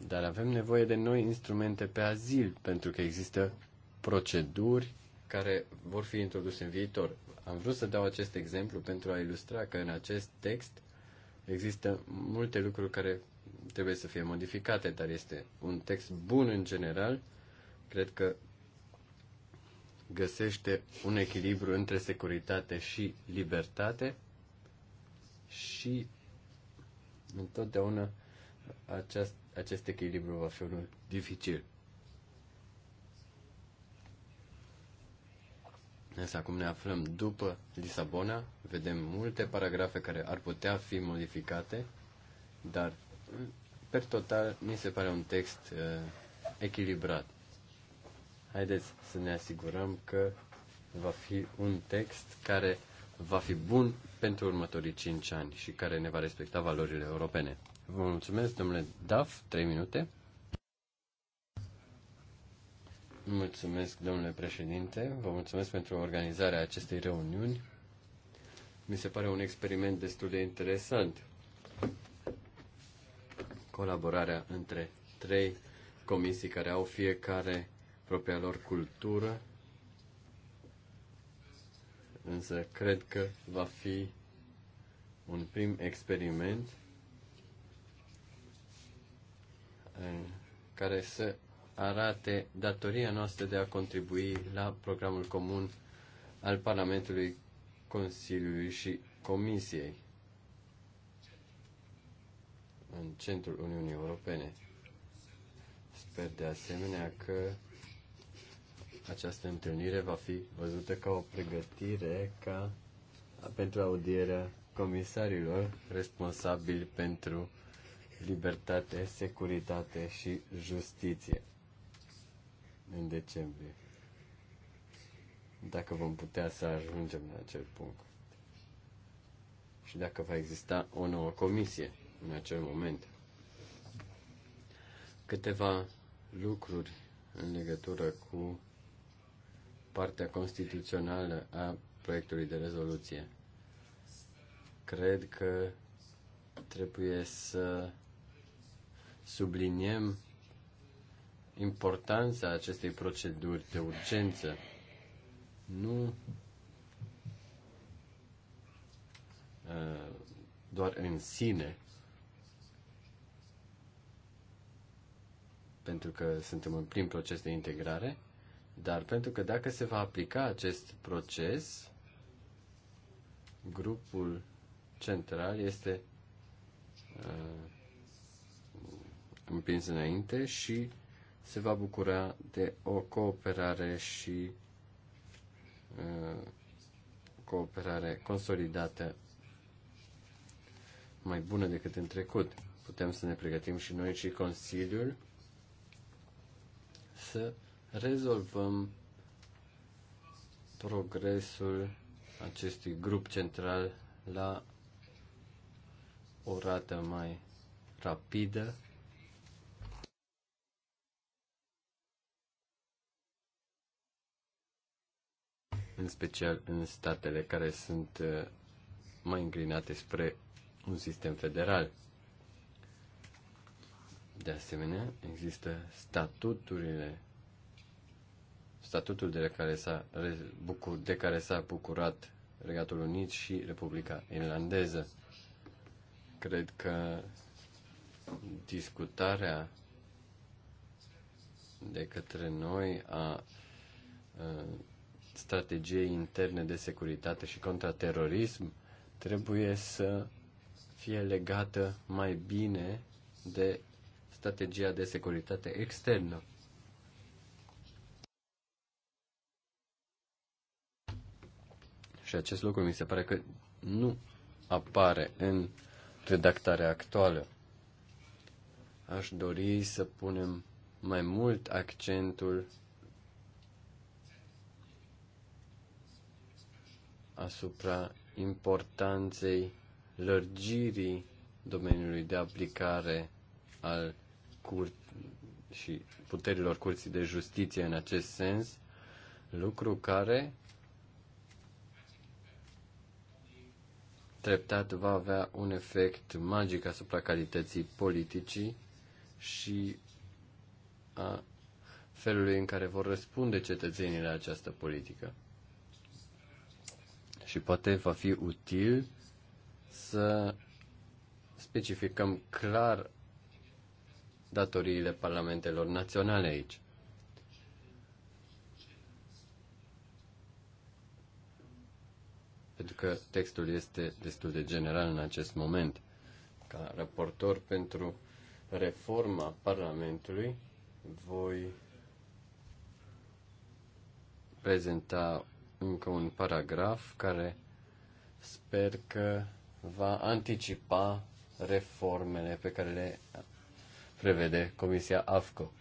Dar avem nevoie de noi instrumente pe azil, pentru că există proceduri care vor fi introduse în viitor. Am vrut să dau acest exemplu pentru a ilustra că în acest text există multe lucruri care trebuie să fie modificate, dar este un text bun în general. Cred că găsește un echilibru între securitate și libertate și întotdeauna aceast, acest echilibru va fi unul dificil. Însă acum ne aflăm după Lisabona, vedem multe paragrafe care ar putea fi modificate, dar per total mi se pare un text uh, echilibrat. Haideți să ne asigurăm că va fi un text care va fi bun pentru următorii 5 ani și care ne va respecta valorile europene. Vă mulțumesc, domnule Daf, 3 minute. Mulțumesc, domnule președinte. Vă mulțumesc pentru organizarea acestei reuniuni. Mi se pare un experiment destul de interesant. Colaborarea între trei comisii care au fiecare propria lor cultură, însă cred că va fi un prim experiment care să arate datoria noastră de a contribui la programul comun al Parlamentului, Consiliului și Comisiei în centrul Uniunii Europene. Sper de asemenea că această întâlnire va fi văzută ca o pregătire ca pentru audierea comisarilor responsabili pentru libertate, securitate și justiție în decembrie. Dacă vom putea să ajungem la acel punct. Și dacă va exista o nouă comisie în acel moment. Câteva lucruri în legătură cu partea constituțională a proiectului de rezoluție. Cred că trebuie să subliniem importanța acestei proceduri de urgență. Nu uh, doar în sine, pentru că suntem în prim proces de integrare, dar pentru că dacă se va aplica acest proces, grupul central este uh, împins înainte și se va bucura de o cooperare și uh, cooperare consolidată mai bună decât în trecut. Putem să ne pregătim și noi și Consiliul să rezolvăm progresul acestui grup central la o rată mai rapidă în special în statele care sunt uh, mai înclinate spre un sistem federal. De asemenea, există statuturile statutul de care s-a, de care s-a bucurat Regatul Unit și Republica Irlandeză. Cred că discutarea de către noi a, a uh, strategiei interne de securitate și contraterorism trebuie să fie legată mai bine de strategia de securitate externă. Și acest lucru mi se pare că nu apare în redactarea actuală. Aș dori să punem mai mult accentul asupra importanței lărgirii domeniului de aplicare al cur- și puterilor curții de justiție în acest sens, lucru care treptat va avea un efect magic asupra calității politicii și a felului în care vor răspunde cetățenii la această politică și poate va fi util să specificăm clar datoriile parlamentelor naționale aici. Pentru că textul este destul de general în acest moment. Ca raportor pentru reforma Parlamentului voi prezenta încă un paragraf care sper că va anticipa reformele pe care le prevede Comisia AFCO.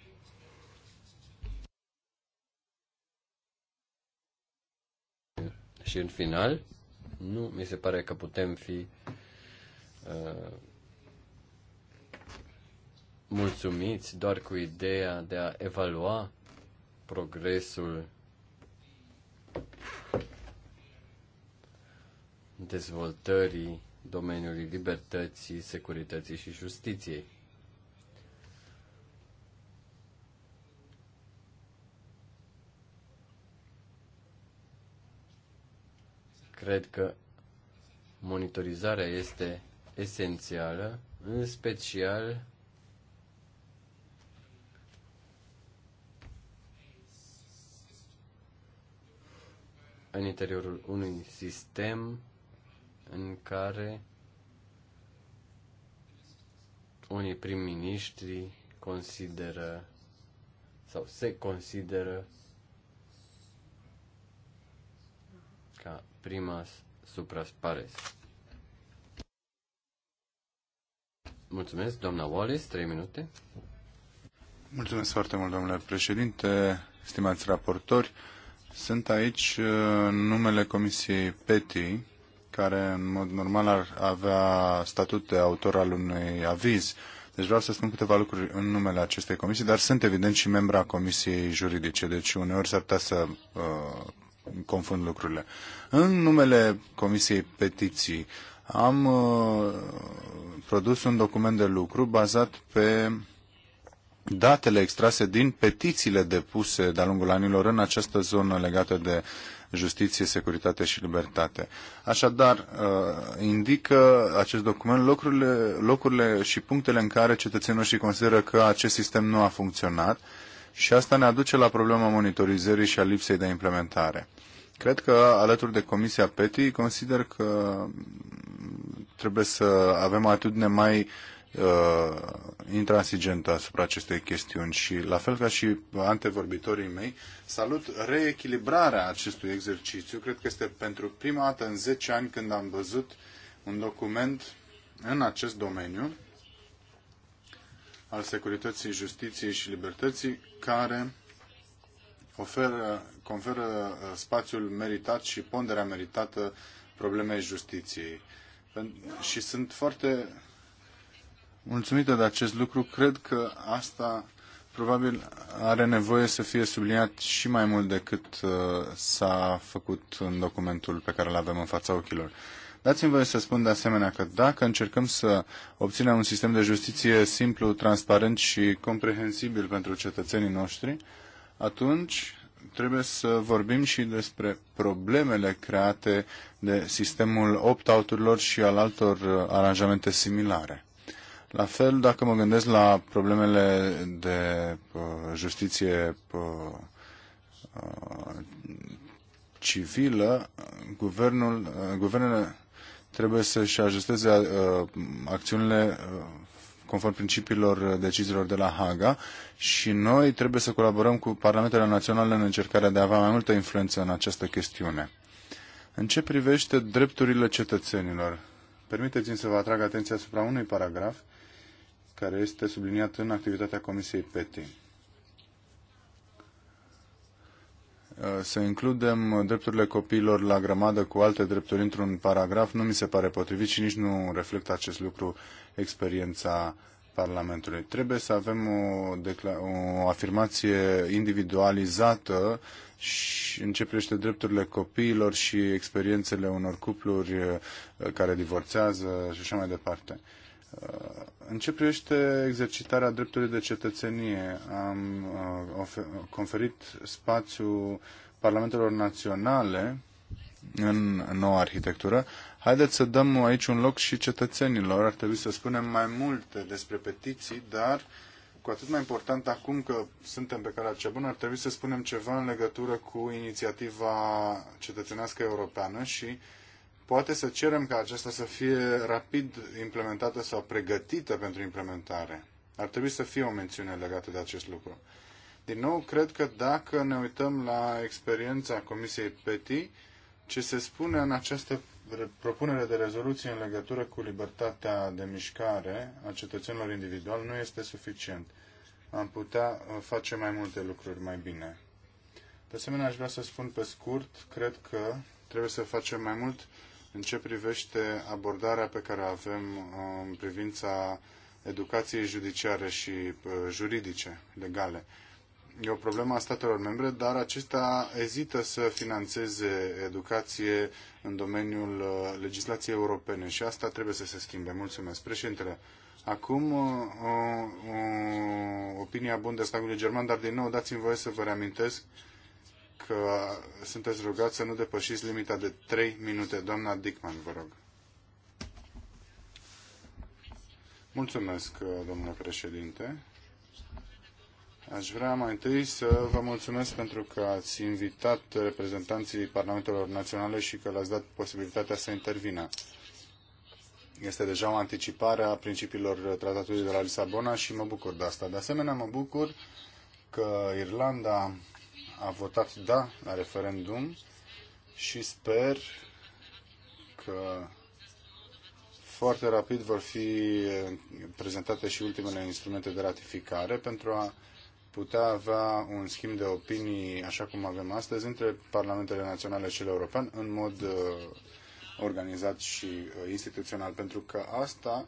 Și în final, nu mi se pare că putem fi uh, mulțumiți doar cu ideea de a evalua progresul dezvoltării domeniului libertății, securității și justiției. Cred că monitorizarea este esențială, în special în interiorul unui sistem în care unii prim-ministri consideră sau se consideră ca primas supraspares. Mulțumesc, doamna Wallace, trei minute. Mulțumesc foarte mult, domnule președinte, stimați raportori. Sunt aici uh, în numele Comisiei PETI, care în mod normal ar avea statut de autor al unui aviz. Deci vreau să spun câteva lucruri în numele acestei comisii, dar sunt evident și membra Comisiei Juridice, deci uneori s-ar putea să uh, confund lucrurile. În numele Comisiei Petiții am uh, produs un document de lucru bazat pe datele extrase din petițiile depuse de-a lungul anilor în această zonă legată de justiție, securitate și libertate. Așadar, uh, indică acest document locurile, locurile și punctele în care cetățenii noștri consideră că acest sistem nu a funcționat și asta ne aduce la problema monitorizării și a lipsei de implementare. Cred că, alături de Comisia PETI, consider că trebuie să avem o atitudine mai uh, uh, intransigentă asupra acestei chestiuni și, la fel ca și antevorbitorii mei, salut reechilibrarea acestui exercițiu. Cred că este pentru prima dată în 10 ani când am văzut un document în acest domeniu al securității, justiției și libertății care oferă, conferă uh, spațiul meritat și ponderea meritată problemei justiției. Și sunt foarte mulțumită de acest lucru, cred că asta probabil are nevoie să fie subliniat și mai mult decât uh, s-a făcut în documentul pe care îl avem în fața ochilor. Dați-mi voie să spun de asemenea că dacă încercăm să obținem un sistem de justiție simplu, transparent și comprehensibil pentru cetățenii noștri, atunci trebuie să vorbim și despre problemele create de sistemul opt-out-urilor și al altor uh, aranjamente similare. La fel, dacă mă gândesc la problemele de uh, justiție uh, uh, civilă, guvernul, guvernele trebuie să-și ajusteze acțiunile conform principiilor deciziilor de la Haga și noi trebuie să colaborăm cu parlamentele naționale în încercarea de a avea mai multă influență în această chestiune. În ce privește drepturile cetățenilor, permiteți-mi să vă atrag atenția asupra unui paragraf care este subliniat în activitatea Comisiei PETI. Uh, să includem drepturile copiilor la grămadă cu alte drepturi într-un paragraf nu mi se pare potrivit și nici nu reflectă acest lucru experiența Parlamentului. Trebuie să avem o, o afirmație individualizată și în ce privește drepturile copiilor și experiențele unor cupluri uh, care divorțează și așa mai departe. Uh, în ce privește exercitarea dreptului de cetățenie, am uh, conferit spațiu parlamentelor naționale în noua arhitectură. Haideți să dăm aici un loc și cetățenilor. Ar trebui să spunem mai multe despre petiții, dar cu atât mai important acum că suntem pe calea cea bună, ar trebui să spunem ceva în legătură cu inițiativa cetățenească europeană și uh, poate să cerem ca aceasta să fie rapid implementată sau pregătită pentru implementare. Ar trebui să fie o mențiune legată de acest lucru. Din nou, cred că dacă ne uităm la experiența Comisiei PETI, ce se spune în această propunere de rezoluție în legătură cu libertatea de mișcare a cetățenilor individual nu este suficient. Am putea uh, face mai multe lucruri mai bine. De asemenea, aș vrea să spun pe scurt, cred că trebuie să facem mai mult în ce privește abordarea pe care o avem uh, în privința educației judiciare și uh, juridice, legale. E o problemă a statelor membre, dar acestea ezită să financeze educație în domeniul uh, legislației europene și asta trebuie să se schimbe. Mulțumesc. Președintele, acum o, o, opinia Bundestagului german, dar din nou dați-mi voie să vă reamintesc că sunteți rugați să nu depășiți limita de 3 minute. Doamna Dickman, vă rog. Mulțumesc, domnule președinte. Aș vrea mai întâi să vă mulțumesc pentru că ați invitat reprezentanții Parlamentelor Naționale și că le-ați dat posibilitatea să intervină. Este deja o anticipare a principiilor tratatului de la Lisabona și mă bucur de asta. De asemenea, mă bucur că Irlanda a votat da la referendum și sper că foarte rapid vor fi prezentate și ultimele instrumente de ratificare pentru a putea avea un schimb de opinii, așa cum avem astăzi, între Parlamentele Naționale și cele europene, în mod uh, organizat și uh, instituțional, pentru că asta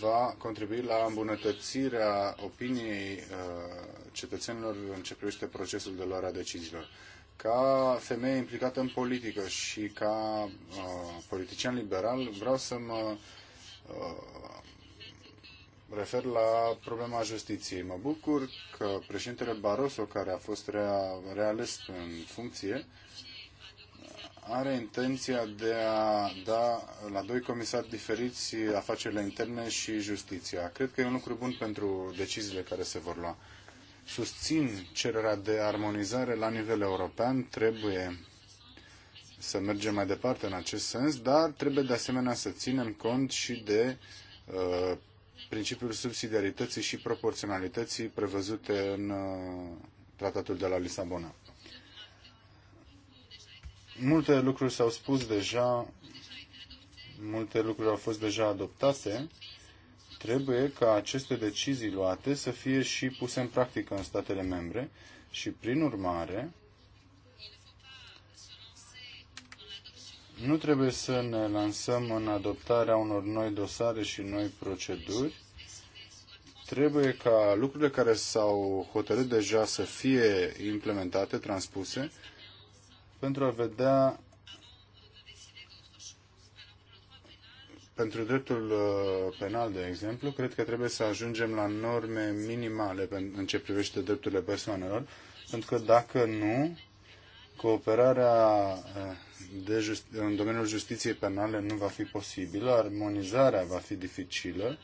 va contribui la îmbunătățirea opiniei uh, cetățenilor în ce privește procesul de luare a deciziilor. Ca femeie implicată în politică și ca uh, politician liberal, vreau să mă uh, refer la problema justiției. Mă bucur că președintele Barroso, care a fost reales în funcție, are intenția de a da la doi comisari diferiți afacerile interne și justiția. Cred că e un lucru bun pentru deciziile care se vor lua. Susțin cererea de armonizare la nivel european, trebuie să mergem mai departe în acest sens, dar trebuie de asemenea să ținem cont și de uh, principiul subsidiarității și proporționalității prevăzute în uh, tratatul de la Lisabona. Multe lucruri s-au spus deja, multe lucruri au fost deja adoptate. Trebuie ca aceste decizii luate să fie și puse în practică în statele membre și, prin urmare, Nu trebuie să ne lansăm în adoptarea unor noi dosare și noi proceduri. Trebuie ca lucrurile care s-au hotărât deja să fie implementate, transpuse pentru a vedea pentru dreptul uh, penal, de exemplu, cred că trebuie să ajungem la norme minimale în ce privește drepturile persoanelor, pentru că dacă nu, cooperarea uh, de justi- în domeniul justiției penale nu va fi posibilă, armonizarea va fi dificilă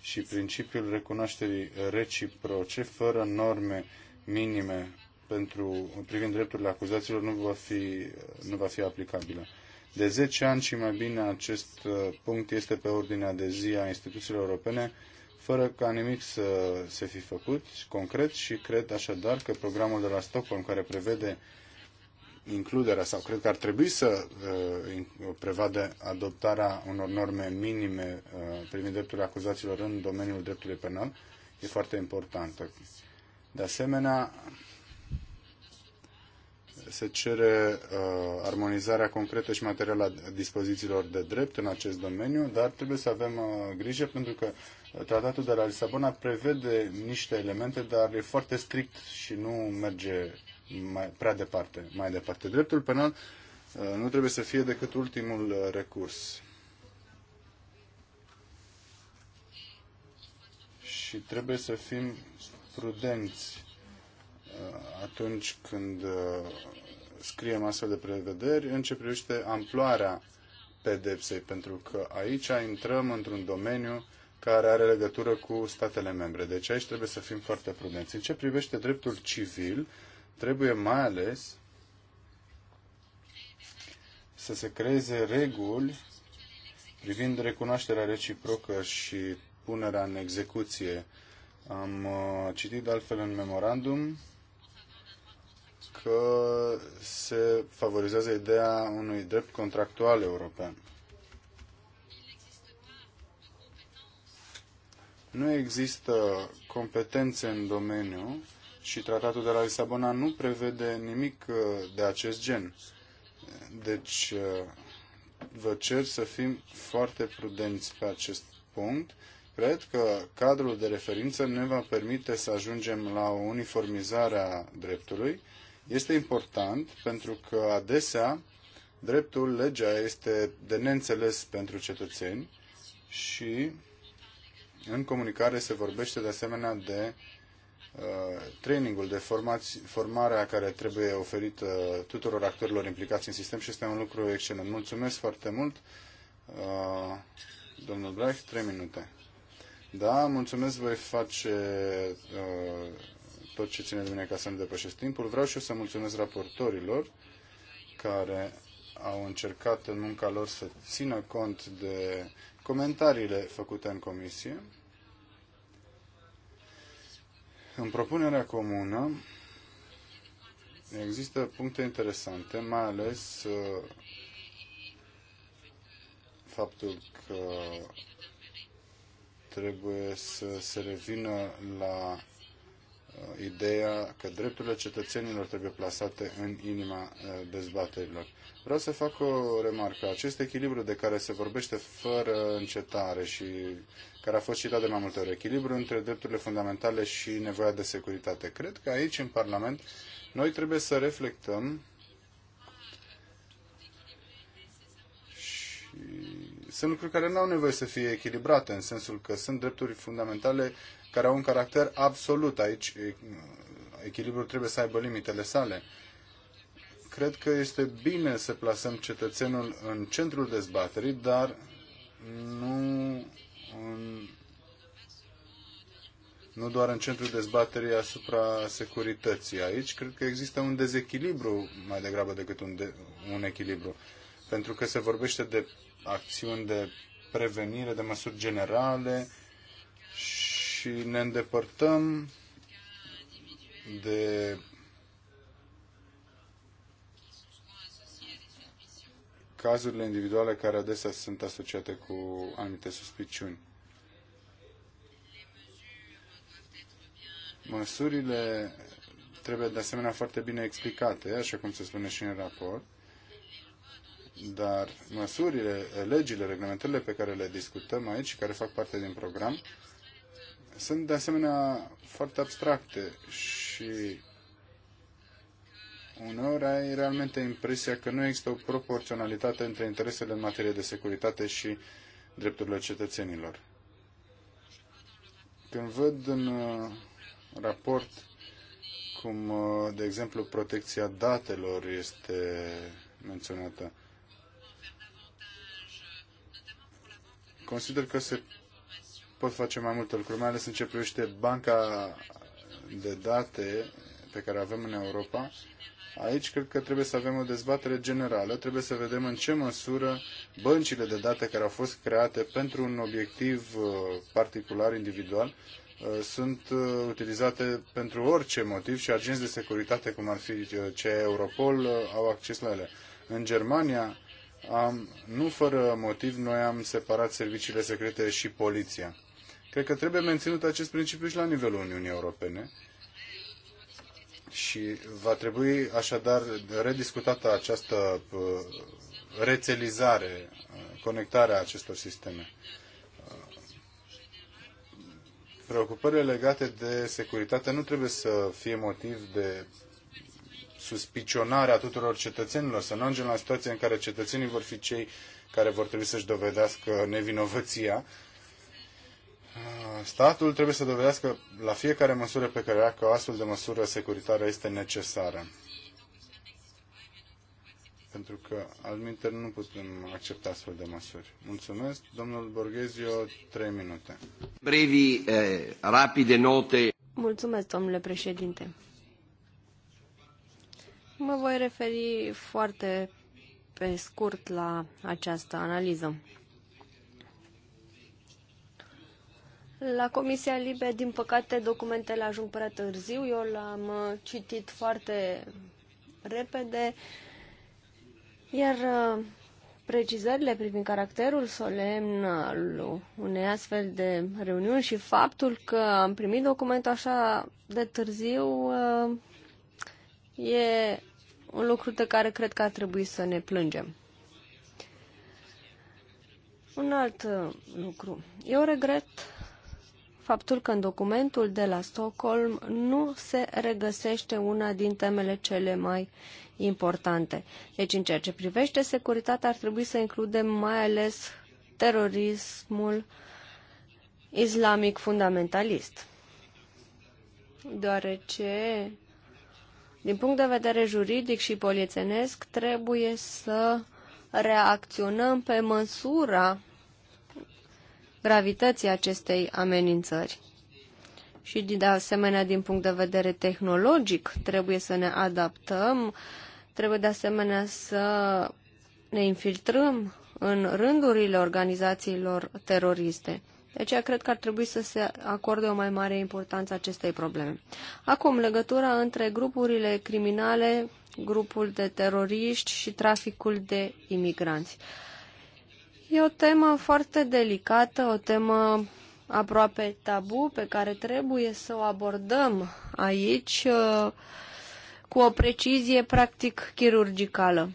și principiul recunoașterii reciproce, fără norme minime pentru, privind drepturile acuzaților nu va, fi, nu va fi aplicabilă. De 10 ani și mai bine acest uh, punct este pe ordinea de zi a instituțiilor europene, fără ca nimic să se fi făcut concret și cred așadar că programul de la Stockholm care prevede includerea sau cred că ar trebui să uh, prevadă adoptarea unor norme minime uh, privind drepturile acuzaților în domeniul dreptului penal, e foarte importantă. De asemenea, se cere uh, armonizarea concretă și materială a dispozițiilor de drept în acest domeniu, dar trebuie să avem uh, grijă pentru că uh, tratatul de la Lisabona prevede niște elemente, dar e foarte strict și nu merge mai, prea departe, mai departe. Dreptul penal uh, nu trebuie să fie decât ultimul uh, recurs. Și trebuie să fim prudenți uh, atunci când scriem astfel de prevederi în ce privește amploarea pedepsei, pentru că aici intrăm într-un domeniu care are legătură cu statele membre. Deci aici trebuie să fim foarte prudenți. În ce privește dreptul civil, trebuie mai ales să se creeze reguli privind recunoașterea reciprocă și punerea în execuție. Am uh, citit altfel în memorandum că se favorizează ideea unui drept contractual european. Nu există competențe în domeniu și tratatul de la Lisabona nu prevede nimic uh, de acest gen. Deci uh, vă cer să fim foarte prudenți pe acest punct. Cred că cadrul de referință ne va permite să ajungem la o uniformizare a dreptului este important pentru că adesea dreptul, legea este de neînțeles pentru cetățeni și în comunicare se vorbește de asemenea de uh, trainingul de formați, formarea care trebuie oferită tuturor actorilor implicați în sistem și este un lucru excelent. Mulțumesc foarte mult, uh, domnul Brecht, trei minute. Da, mulțumesc, voi face uh, tot ce ține de mine ca să nu depășesc timpul. Vreau și eu să mulțumesc raportorilor care au încercat în munca lor să țină cont de comentariile făcute în comisie. În propunerea comună există puncte interesante, mai ales uh, faptul că trebuie să se revină la Uh, ideea că drepturile cetățenilor trebuie plasate în inima uh, dezbaterilor. Vreau să fac o remarcă. Acest echilibru de care se vorbește fără încetare și care a fost citat de mai multe ori, echilibru între drepturile fundamentale și nevoia de securitate. Cred că aici, în Parlament, noi trebuie să reflectăm și sunt lucruri care nu au nevoie să fie echilibrate, în sensul că sunt drepturi fundamentale care au un caracter absolut. Aici mm, echilibrul trebuie să aibă limitele sale. Cred că este bine să plasăm cetățenul în centrul dezbaterii, dar nu, în, nu doar în centrul dezbaterii asupra securității. Aici cred că există un dezechilibru mai degrabă decât un, de, un echilibru, pentru că se vorbește de acțiuni de prevenire, de măsuri generale și ne îndepărtăm de cazurile individuale care adesea sunt asociate cu anumite suspiciuni. Măsurile trebuie de asemenea foarte bine explicate, așa cum se spune și în raport, dar măsurile, legile, reglementările pe care le discutăm aici, care fac parte din program, sunt de asemenea foarte abstracte și uneori ai realmente impresia că nu există o proporționalitate între interesele în materie de securitate și drepturile cetățenilor. Când văd în uh, raport cum, uh, de exemplu, protecția datelor este menționată, consider că se pot face mai multe lucruri, mai ales în ce privește banca de date pe care avem în Europa. Aici cred că trebuie să avem o dezbatere generală, trebuie să vedem în ce măsură băncile de date care au fost create pentru un obiectiv uh, particular, individual, uh, sunt uh, utilizate pentru orice motiv și agenți de securitate, cum ar fi cei Europol, au acces la ele. În Germania, am, nu fără motiv, noi am separat serviciile secrete și poliția. Cred că trebuie menținut acest principiu și la nivelul Uniunii Europene și va trebui așadar rediscutată această uh, rețelizare, uh, conectarea acestor sisteme. Uh, preocupările legate de securitate nu trebuie să fie motiv de a tuturor cetățenilor, să nu ajungem la situația în care cetățenii vor fi cei care vor trebui să-și dovedească nevinovăția, statul trebuie să dovedească la fiecare măsură pe care ia că o astfel de măsură securitară este necesară. Pentru că, altminteri, nu putem accepta astfel de măsuri. Mulțumesc. Domnul Borghezio, trei minute. Brevi, eh, rapide note. Mulțumesc, domnule președinte. Mă voi referi foarte pe scurt la această analiză. La Comisia Libe, din păcate, documentele ajung prea târziu. Eu l-am uh, citit foarte repede, iar uh, precizările privind caracterul solemn al unei astfel de reuniuni și faptul că am primit documentul așa de târziu uh, e un lucru de care cred că ar trebui să ne plângem. Un alt lucru. Eu regret faptul că în documentul de la Stockholm nu se regăsește una din temele cele mai importante. Deci, în ceea ce privește securitatea, ar trebui să includem mai ales terorismul islamic fundamentalist. Deoarece, din punct de vedere juridic și polițenesc, trebuie să reacționăm pe măsura gravității acestei amenințări. Și, de asemenea, din punct de vedere tehnologic, trebuie să ne adaptăm, trebuie, de asemenea, să ne infiltrăm în rândurile organizațiilor teroriste. De aceea cred că ar trebui să se acorde o mai mare importanță acestei probleme. Acum, legătura între grupurile criminale, grupul de teroriști și traficul de imigranți. Uh, E o temă foarte delicată, o temă aproape tabu pe care trebuie să o abordăm aici uh, cu o precizie practic chirurgicală.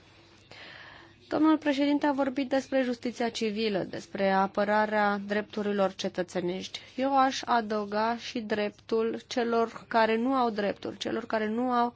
Domnul președinte a vorbit despre justiția civilă, despre apărarea drepturilor cetățenești. Eu aș adăuga și dreptul celor care nu au drepturi, celor care nu au uh,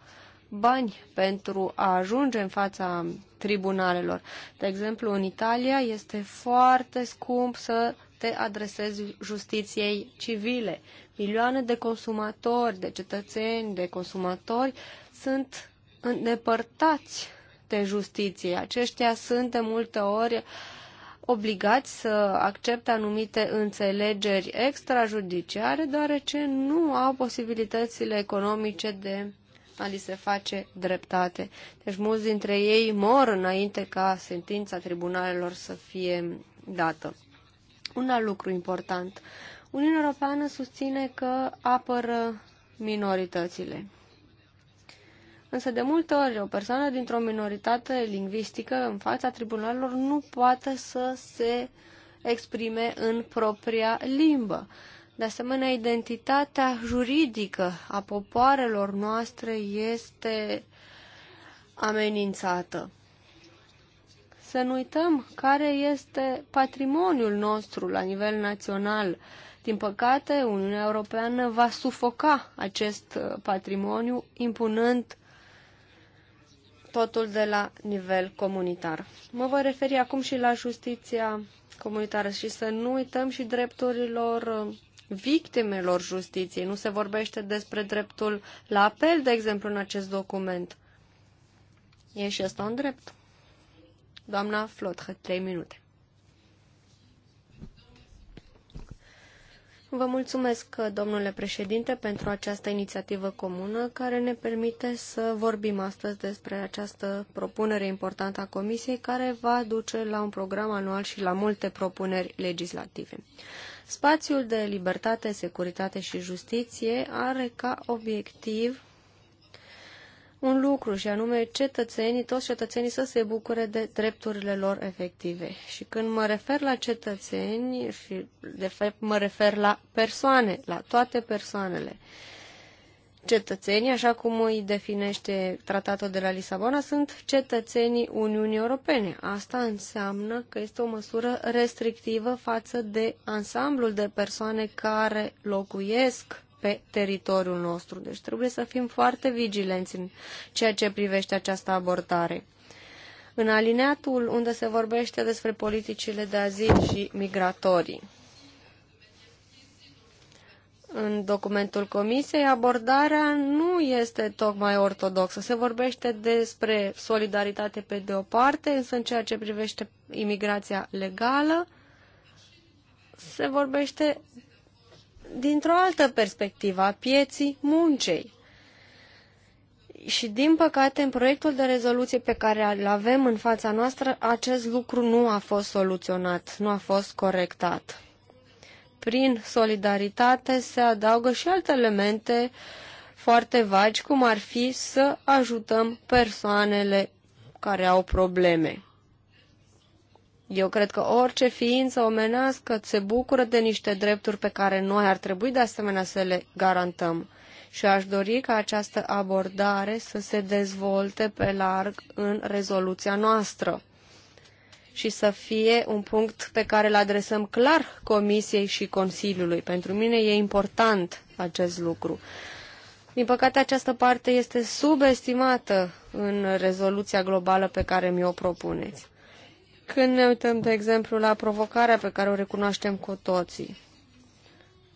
bani pentru a ajunge în fața tribunalelor. De exemplu, în Italia este foarte scump să te adresezi justiției civile. Milioane de consumatori, de cetățeni, de consumatori sunt îndepărtați de justiție. Aceștia sunt de multe ori obligați să accepte anumite înțelegeri extrajudiciare, deoarece nu au posibilitățile economice de li se face dreptate. Deci mulți dintre ei mor înainte ca sentința tribunalelor să fie dată. Un alt lucru important. Uniunea Europeană susține că apără minoritățile. Însă de multe ori o persoană dintr-o minoritate lingvistică în fața tribunalelor nu poate să se exprime în propria limbă. De asemenea, identitatea juridică a popoarelor noastre este amenințată. Să nu uităm care este patrimoniul nostru la nivel național. Din păcate, Uniunea Europeană va sufoca acest uh, patrimoniu impunând totul de la nivel comunitar. Mă voi referi acum și la justiția comunitară și să nu uităm și drepturilor uh, victimelor justiției. Nu se vorbește despre dreptul la apel, de exemplu, în acest document. E și asta un drept. Doamna Flot, trei minute. Vă mulțumesc, domnule președinte, pentru această inițiativă comună care ne permite să vorbim astăzi despre această propunere importantă a Comisiei care va duce la un program anual și la multe propuneri legislative. Spațiul de libertate, securitate și justiție are ca obiectiv un lucru și anume cetățenii, toți cetățenii să se bucure de drepturile lor efective. Și când mă refer la cetățeni și de fapt mă refer la persoane, la toate persoanele. Uh, cetățenii, așa cum îi definește tratatul de la Lisabona, sunt cetățenii Uniunii Europene. Asta înseamnă că este o măsură restrictivă față de ansamblul de persoane care locuiesc pe teritoriul nostru. Deci trebuie să fim foarte vigilenți în ceea ce privește această abordare. În alineatul unde se vorbește despre politicile de azil și migratorii în documentul comisiei, abordarea nu este tocmai ortodoxă. Se vorbește despre solidaritate pe de o parte, însă în ceea ce privește imigrația legală, se vorbește dintr-o altă perspectivă a pieții muncei. Și din păcate, în proiectul de rezoluție pe care îl avem în fața noastră, acest lucru nu a fost soluționat, nu a fost corectat prin solidaritate se adaugă și alte elemente foarte vagi, cum ar fi să ajutăm persoanele care au probleme. Eu cred că orice ființă omenească se bucură de niște drepturi pe care noi ar trebui de asemenea să le garantăm. Și aș dori ca această abordare să se dezvolte pe larg în rezoluția noastră și să fie un punct pe care îl adresăm clar Comisiei și Consiliului. Pentru mine e important acest lucru. Din păcate, această parte este subestimată în rezoluția globală pe care mi-o propuneți. Când ne uităm, de exemplu, la provocarea pe care o recunoaștem cu toții,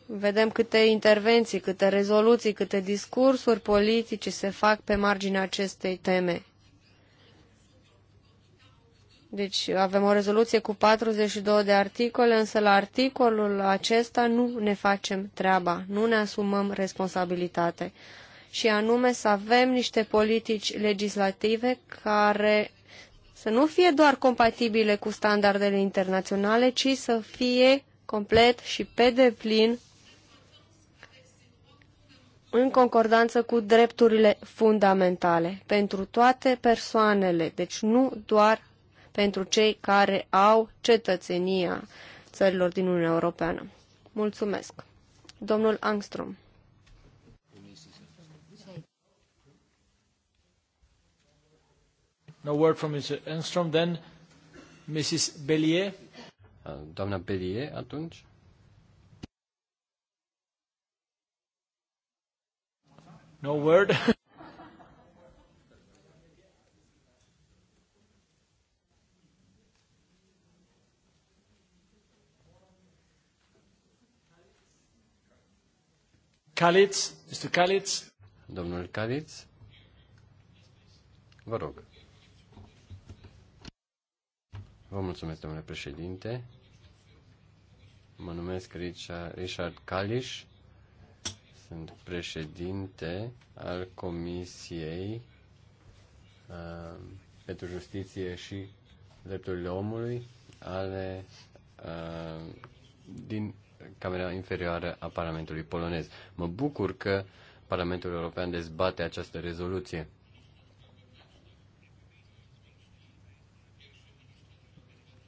vedem câte intervenții, câte rezoluții, câte discursuri politice se fac pe marginea acestei teme. Deci avem o rezoluție cu 42 de articole, însă la articolul acesta nu ne facem treaba, nu ne asumăm responsabilitate. Și anume să avem niște politici legislative care să nu fie doar compatibile cu standardele internaționale, ci să fie complet și pe deplin în concordanță cu drepturile fundamentale pentru toate persoanele, deci nu doar pentru cei care au cetățenia țărilor din Uniunea Europeană. Mulțumesc. Domnul Angstrom. No word from Mr. Engstrom, then Mrs. Bellier. Uh, doamna Bellier, atunci. No word. Kalitz, Mr. Kalitz. Domnul Kalitz, vă rog. Vă mulțumesc, domnule președinte. Mă numesc Richard Kalish. Sunt președinte al Comisiei uh, pentru Justiție și Drepturile Omului ale, uh, din Camera Inferioară a Parlamentului Polonez. Mă bucur că Parlamentul European dezbate această rezoluție.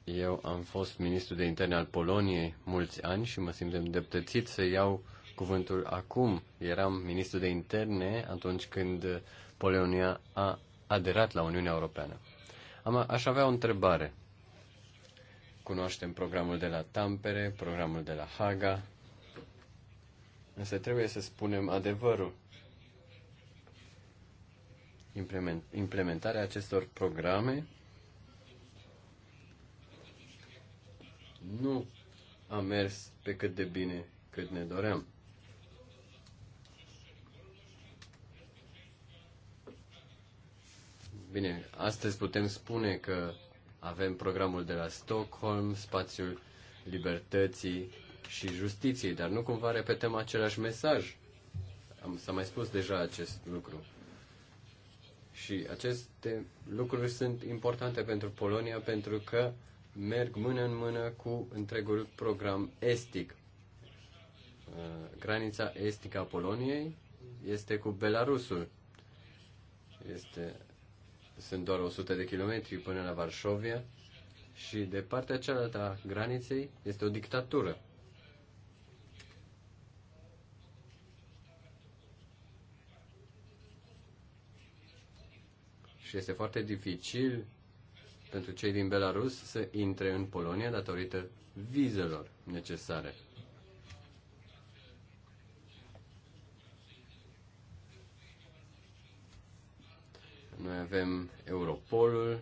Eu am fost ministru de interne al Poloniei mulți ani și mă simt îndreptățit să iau cuvântul acum. Eram ministru de interne atunci când Polonia a aderat la Uniunea Europeană. Am, aș avea o întrebare. Cunoaștem programul de la Tampere, programul de la Haga. Însă trebuie să spunem adevărul. Implementarea acestor programe nu a mers pe cât de bine cât ne doream. Bine, astăzi putem spune că avem programul de la Stockholm, spațiul libertății și justiției, dar nu cumva repetăm același mesaj. Am, s-a mai spus deja acest lucru. Și aceste lucruri sunt importante pentru Polonia pentru că merg mână în mână cu întregul program estic. Uh, granița estică a Poloniei este cu Belarusul. Este sunt doar 100 de kilometri până la Varșovia și de partea cealaltă a graniței este o dictatură. Și este foarte dificil pentru cei din Belarus să intre în Polonia datorită vizelor necesare. Noi avem Europolul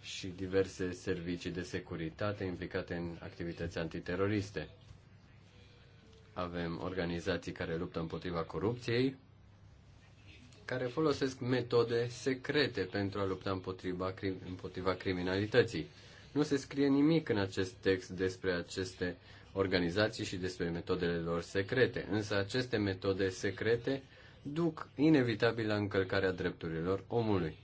și diverse servicii de securitate implicate în activități antiteroriste. Avem organizații care luptă împotriva corupției, care folosesc metode secrete pentru a lupta împotriva, împotriva criminalității. Nu se scrie nimic în acest text despre aceste organizații și despre metodele lor secrete, însă aceste metode secrete duc inevitabil la încălcarea drepturilor omului.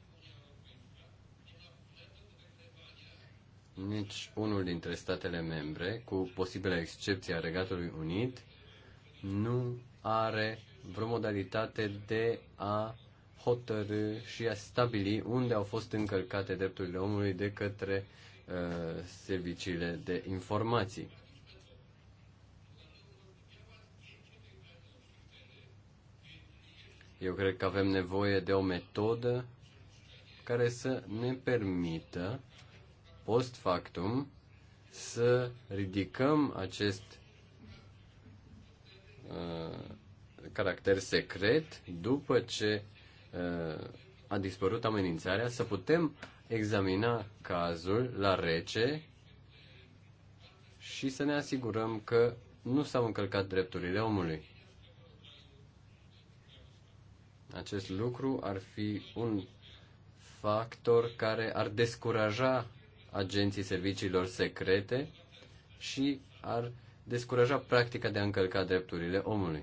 Nici unul dintre statele membre, cu posibilă excepție a Regatului Unit, nu are vreo modalitate de a hotărâ și a stabili unde au fost încălcate drepturile omului de către uh, serviciile de informații. Eu cred că avem nevoie de o metodă care să ne permită post factum să ridicăm acest uh, caracter secret după ce uh, a dispărut amenințarea, să putem examina cazul la rece și să ne asigurăm că nu s-au încălcat drepturile omului. Acest lucru ar fi un factor care ar descuraja agenții serviciilor secrete și ar descuraja practica de a încălca drepturile omului.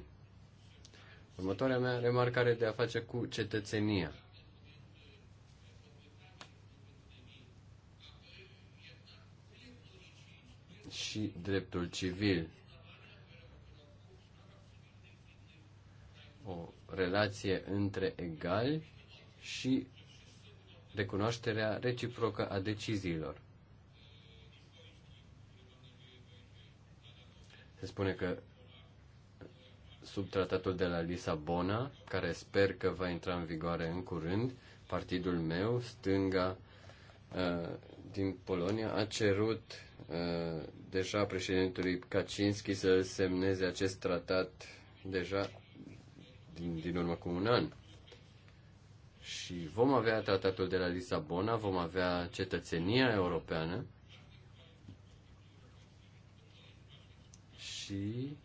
Următoarea mea remarcă are de a face cu cetățenia. și dreptul civil. O relație între egali și recunoașterea reciprocă a deciziilor. Se spune că sub tratatul de la Lisabona, care sper că va intra în vigoare în curând, partidul meu, stânga uh, din Polonia, a cerut uh, deja președintelui Kaczynski să semneze acest tratat deja din, din urmă cu un an. Și vom avea tratatul de la Lisabona, vom avea cetățenia europeană și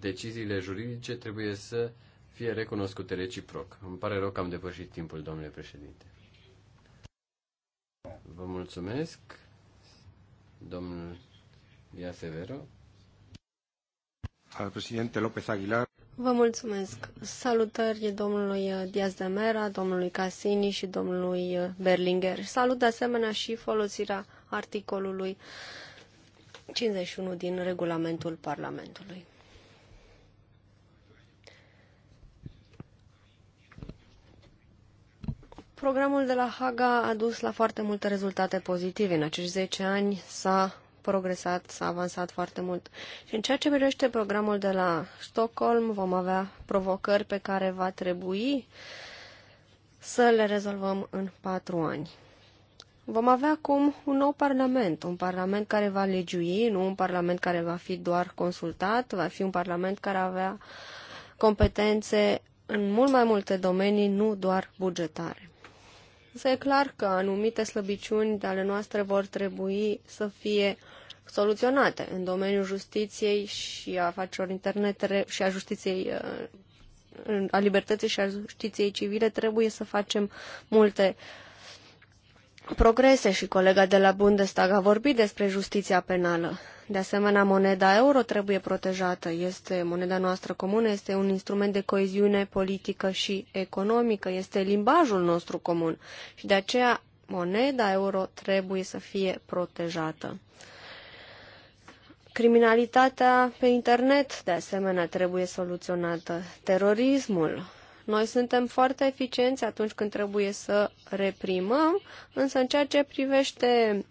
deciziile juridice trebuie să fie recunoscute reciproc. Îmi pare rău că am depășit timpul, domnule președinte. Vă mulțumesc, domnul Ia Severo al președinte López Aguilar. Vă mulțumesc. Salutări domnului Diaz de Mera, domnului Casini și domnului Berlinger. Salut de asemenea și folosirea articolului 51 din regulamentul Parlamentului. Programul de la Haga a dus la foarte multe rezultate pozitive. În acești 10 ani s-a progresat, s-a avansat foarte mult. Și în ceea ce privește programul de la Stockholm, vom avea provocări pe care va trebui să le rezolvăm în patru ani. Vom avea acum un nou parlament, un parlament care va legiui, nu un parlament care va fi doar consultat, va fi un parlament care avea competențe în mult mai multe domenii, nu doar bugetare. Însă e clar că anumite slăbiciuni de ale noastre vor trebui să fie soluționate în domeniul justiției și a afacerilor internet și a justiției uh, a libertății și a justiției civile trebuie să facem multe uh, progrese și colega de la Bundestag a vorbit despre justiția penală. De asemenea, moneda euro trebuie protejată. Este moneda noastră comună, este un instrument de coeziune politică și economică, este limbajul nostru comun. Și de aceea moneda euro trebuie să fie protejată. Criminalitatea pe internet, de asemenea, trebuie soluționată. Terorismul, noi suntem foarte eficienți atunci când trebuie să reprimăm, însă în ceea ce privește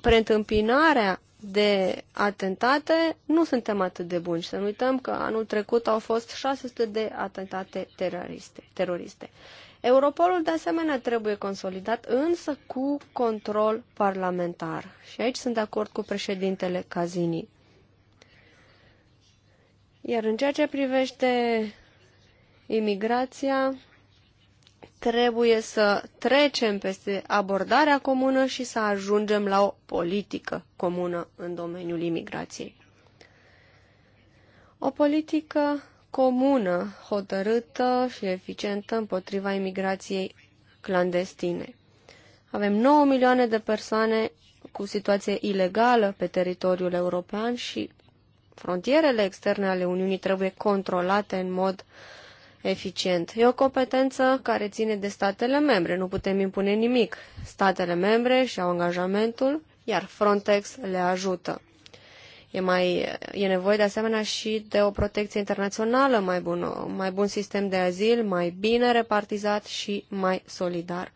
preîntâmpinarea de atentate, nu suntem atât de buni. Să nu uităm că anul trecut au fost 600 de atentate teroriste. teroriste. Europolul, de asemenea, trebuie consolidat, însă cu control parlamentar. Și aici sunt de acord cu președintele Cazini. Iar în ceea ce privește imigrația, trebuie să trecem peste abordarea comună și să ajungem la o politică comună în domeniul imigrației. O politică comună, hotărâtă și eficientă împotriva imigrației clandestine. Avem 9 milioane de persoane cu situație ilegală pe teritoriul european și frontierele externe ale Uniunii trebuie controlate în mod uh, eficient. E o competență care ține de statele membre, nu putem impune nimic. Statele membre și-au angajamentul, iar Frontex le ajută. E, mai, e nevoie de asemenea și de o protecție internațională mai bună, mai bun sistem de azil, mai bine repartizat și mai solidar.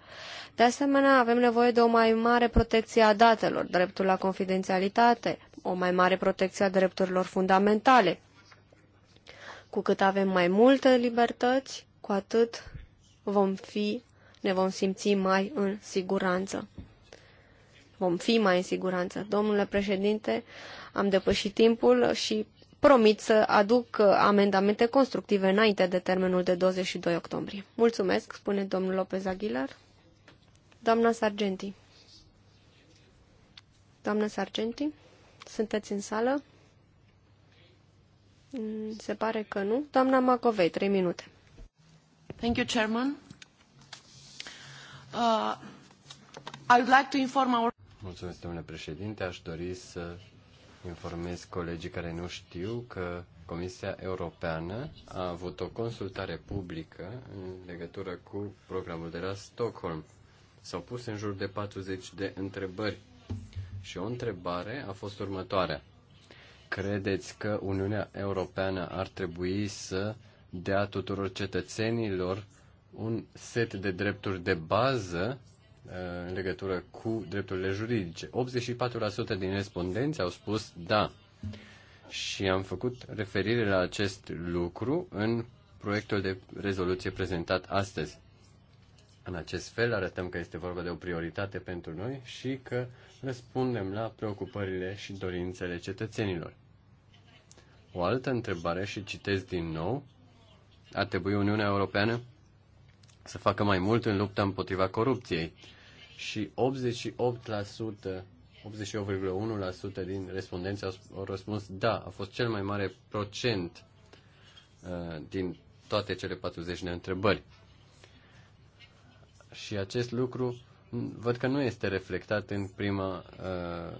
De asemenea, avem nevoie de o mai mare protecție a datelor, dreptul la confidențialitate, o mai mare protecție a drepturilor fundamentale, cu cât avem mai multe libertăți, cu atât vom fi, ne vom simți mai în siguranță. Vom fi mai în siguranță. Domnule președinte, am depășit timpul și promit să aduc uh, amendamente constructive înainte de termenul de 22 octombrie. Mulțumesc, spune domnul Lopez Aguilar. Doamna Sargenti. Doamna Sargenti, sunteți în sală? Mm, se pare că nu. Doamna Macovei, trei minute. Thank you, Chairman. Uh, I would like to inform our... Mulțumesc, domnule președinte. Aș dori să informez colegii care nu știu că Comisia Europeană a avut o consultare publică în legătură cu programul de la Stockholm. S-au pus în jur de 40 de întrebări și o întrebare a fost următoarea credeți că Uniunea Europeană ar trebui să dea tuturor cetățenilor un set de drepturi de bază uh, în legătură cu drepturile juridice. 84% din respondenți au spus da. Și am făcut referire la acest lucru în proiectul de rezoluție prezentat astăzi. În acest fel arătăm că este vorba de o prioritate pentru noi și că răspundem la preocupările și dorințele cetățenilor. O altă întrebare și citesc din nou. Ar trebui Uniunea Europeană să facă mai mult în lupta împotriva corupției și 88%, 88,1% din respondenți au răspuns da, a fost cel mai mare procent uh, din toate cele 40 de întrebări. Și acest lucru văd că nu este reflectat în prima uh,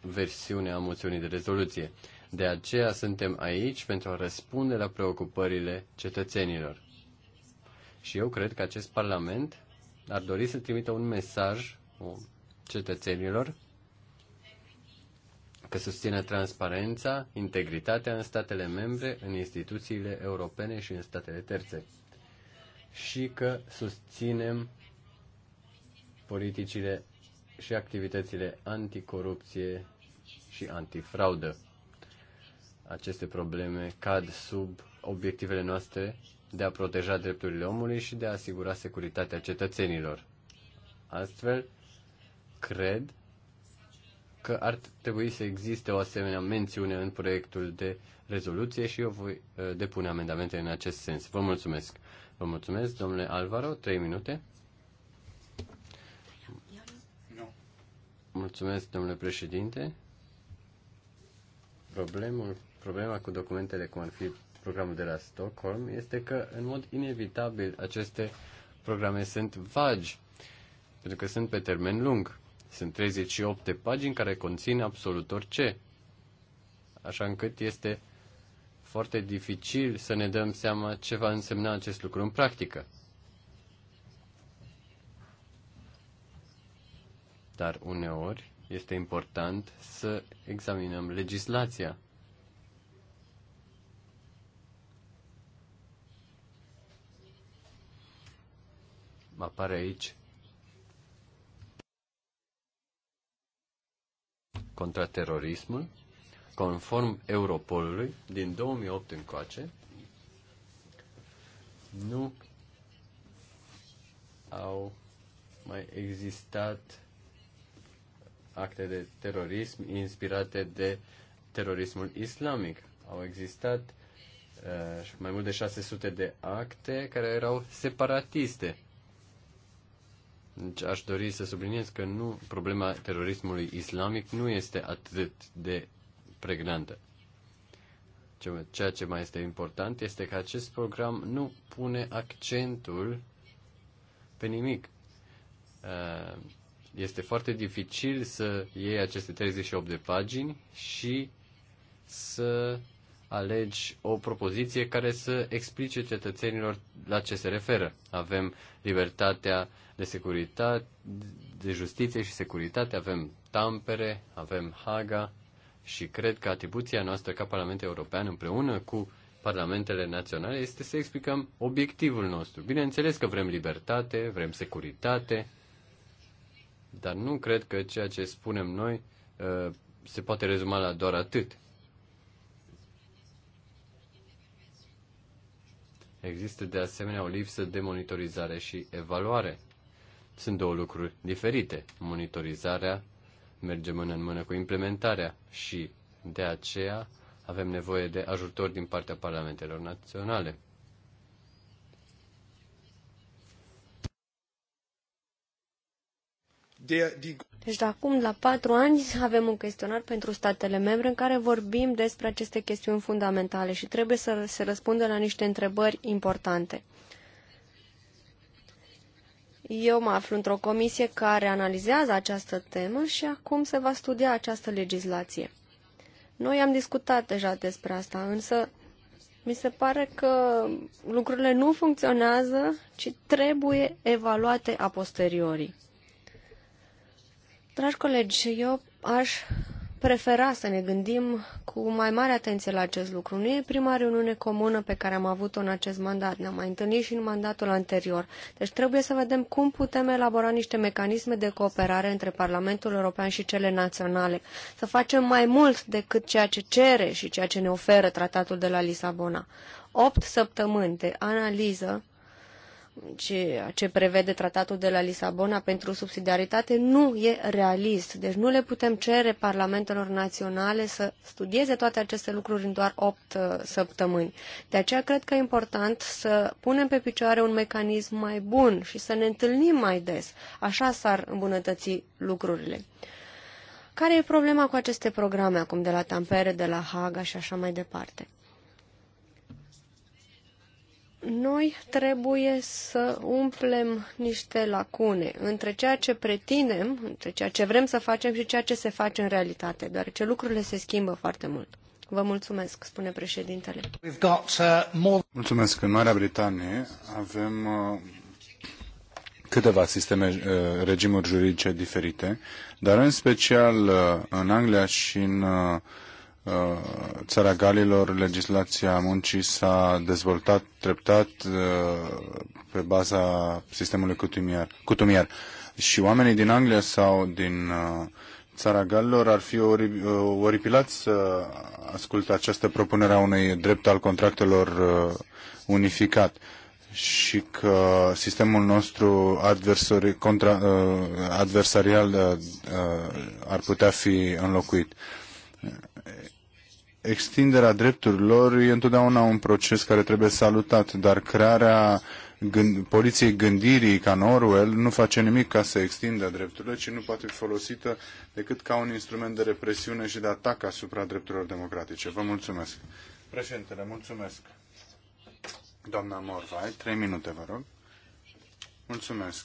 versiune a moțiunii de rezoluție. De aceea suntem aici pentru a răspunde la preocupările cetățenilor. Și eu cred că acest Parlament ar dori să trimită un mesaj cetățenilor că susține transparența, integritatea în statele membre, în instituțiile europene și în statele terțe și că susținem politicile și activitățile anticorupție și antifraudă. Aceste probleme cad sub obiectivele noastre de a proteja drepturile omului și de a asigura securitatea cetățenilor. Astfel, cred că ar trebui să existe o asemenea mențiune în proiectul de rezoluție și eu voi uh, depune amendamente în acest sens. Vă mulțumesc! Vă mulțumesc, domnule Alvaro, trei minute. Mulțumesc, domnule președinte. Problemul, problema cu documentele cum ar fi programul de la Stockholm este că, în mod inevitabil, aceste programe sunt vagi, pentru că sunt pe termen lung. Sunt 38 de pagini care conțin absolut orice, așa încât este foarte dificil să ne dăm seama ce va însemna acest lucru în practică. Dar uneori este important să examinăm legislația. Mă Apare aici contraterorismul Conform Europolului, din 2008 încoace, nu au mai existat acte de terorism inspirate de terorismul islamic. Au existat uh, mai mult de 600 de acte care erau separatiste. Deci aș dori să subliniez că nu problema terorismului islamic nu este atât de pregnantă. Ceea ce mai este important este că acest program nu pune accentul pe nimic. Uh, este foarte dificil să iei aceste 38 de pagini și să alegi o propoziție care să explice cetățenilor la ce se referă. Avem libertatea de securitate, de justiție și securitate, avem Tampere, avem Haga, și cred că atribuția noastră ca Parlament European împreună cu parlamentele naționale este să explicăm obiectivul nostru. Bineînțeles că vrem libertate, vrem securitate, dar nu cred că ceea ce spunem noi uh, se poate rezuma la doar atât. Există de asemenea o lipsă de monitorizare și evaluare. Sunt două lucruri diferite. Monitorizarea merge mână în mână cu implementarea și de aceea avem nevoie de ajutor din partea parlamentelor naționale. Deci de acum la patru ani avem un chestionar pentru statele membre în care vorbim despre aceste chestiuni fundamentale și trebuie să se răspundă la niște întrebări importante. Eu mă aflu într-o comisie care analizează această temă și acum se va studia această legislație. Noi am discutat deja despre asta, însă mi se pare că lucrurile nu funcționează, ci trebuie evaluate a posteriori. Dragi colegi, eu aș prefera să ne gândim cu mai mare atenție la acest lucru. Nu e prima reuniune comună pe care am avut-o în acest mandat. Ne-am mai întâlnit și în mandatul anterior. Deci trebuie să vedem cum putem elabora niște mecanisme de cooperare între Parlamentul European și cele naționale. Să facem mai mult decât ceea ce cere și ceea ce ne oferă tratatul de la Lisabona. Opt săptămâni de analiză ceea ce prevede tratatul de la Lisabona pentru subsidiaritate nu e realist. Deci nu le putem cere parlamentelor naționale să studieze toate aceste lucruri în doar opt uh, săptămâni. De aceea cred că e important să punem pe picioare un mecanism mai bun și să ne întâlnim mai des. Așa s-ar îmbunătăți lucrurile. Care e problema cu aceste programe acum de la Tampere, de la Haga și așa mai departe? noi trebuie să umplem niște lacune între ceea ce pretindem, între ceea ce vrem să facem și ceea ce se face în realitate, deoarece lucrurile se schimbă foarte mult. Vă mulțumesc, spune președintele. Uh, mulțumesc. În Marea Britanie avem uh, câteva sisteme, uh, regimuri juridice diferite, dar în special în Anglia și în Uh, țara Galilor, legislația muncii s-a dezvoltat treptat uh, pe baza sistemului cutumier. cutumier. Și oamenii din Anglia sau din uh, țara Galilor ar fi oripilați să asculte această propunere a unui drept al contractelor unificat și că sistemul nostru contra, adversarial ar putea fi înlocuit extinderea drepturilor e întotdeauna un proces care trebuie salutat, dar crearea gând, poliției gândirii ca în Orwell nu face nimic ca să extindă drepturile, ci nu poate fi folosită decât ca un instrument de represiune și de atac asupra drepturilor democratice. Vă mulțumesc. Președintele, mulțumesc. Doamna Morvai, trei minute, vă rog. Mulțumesc.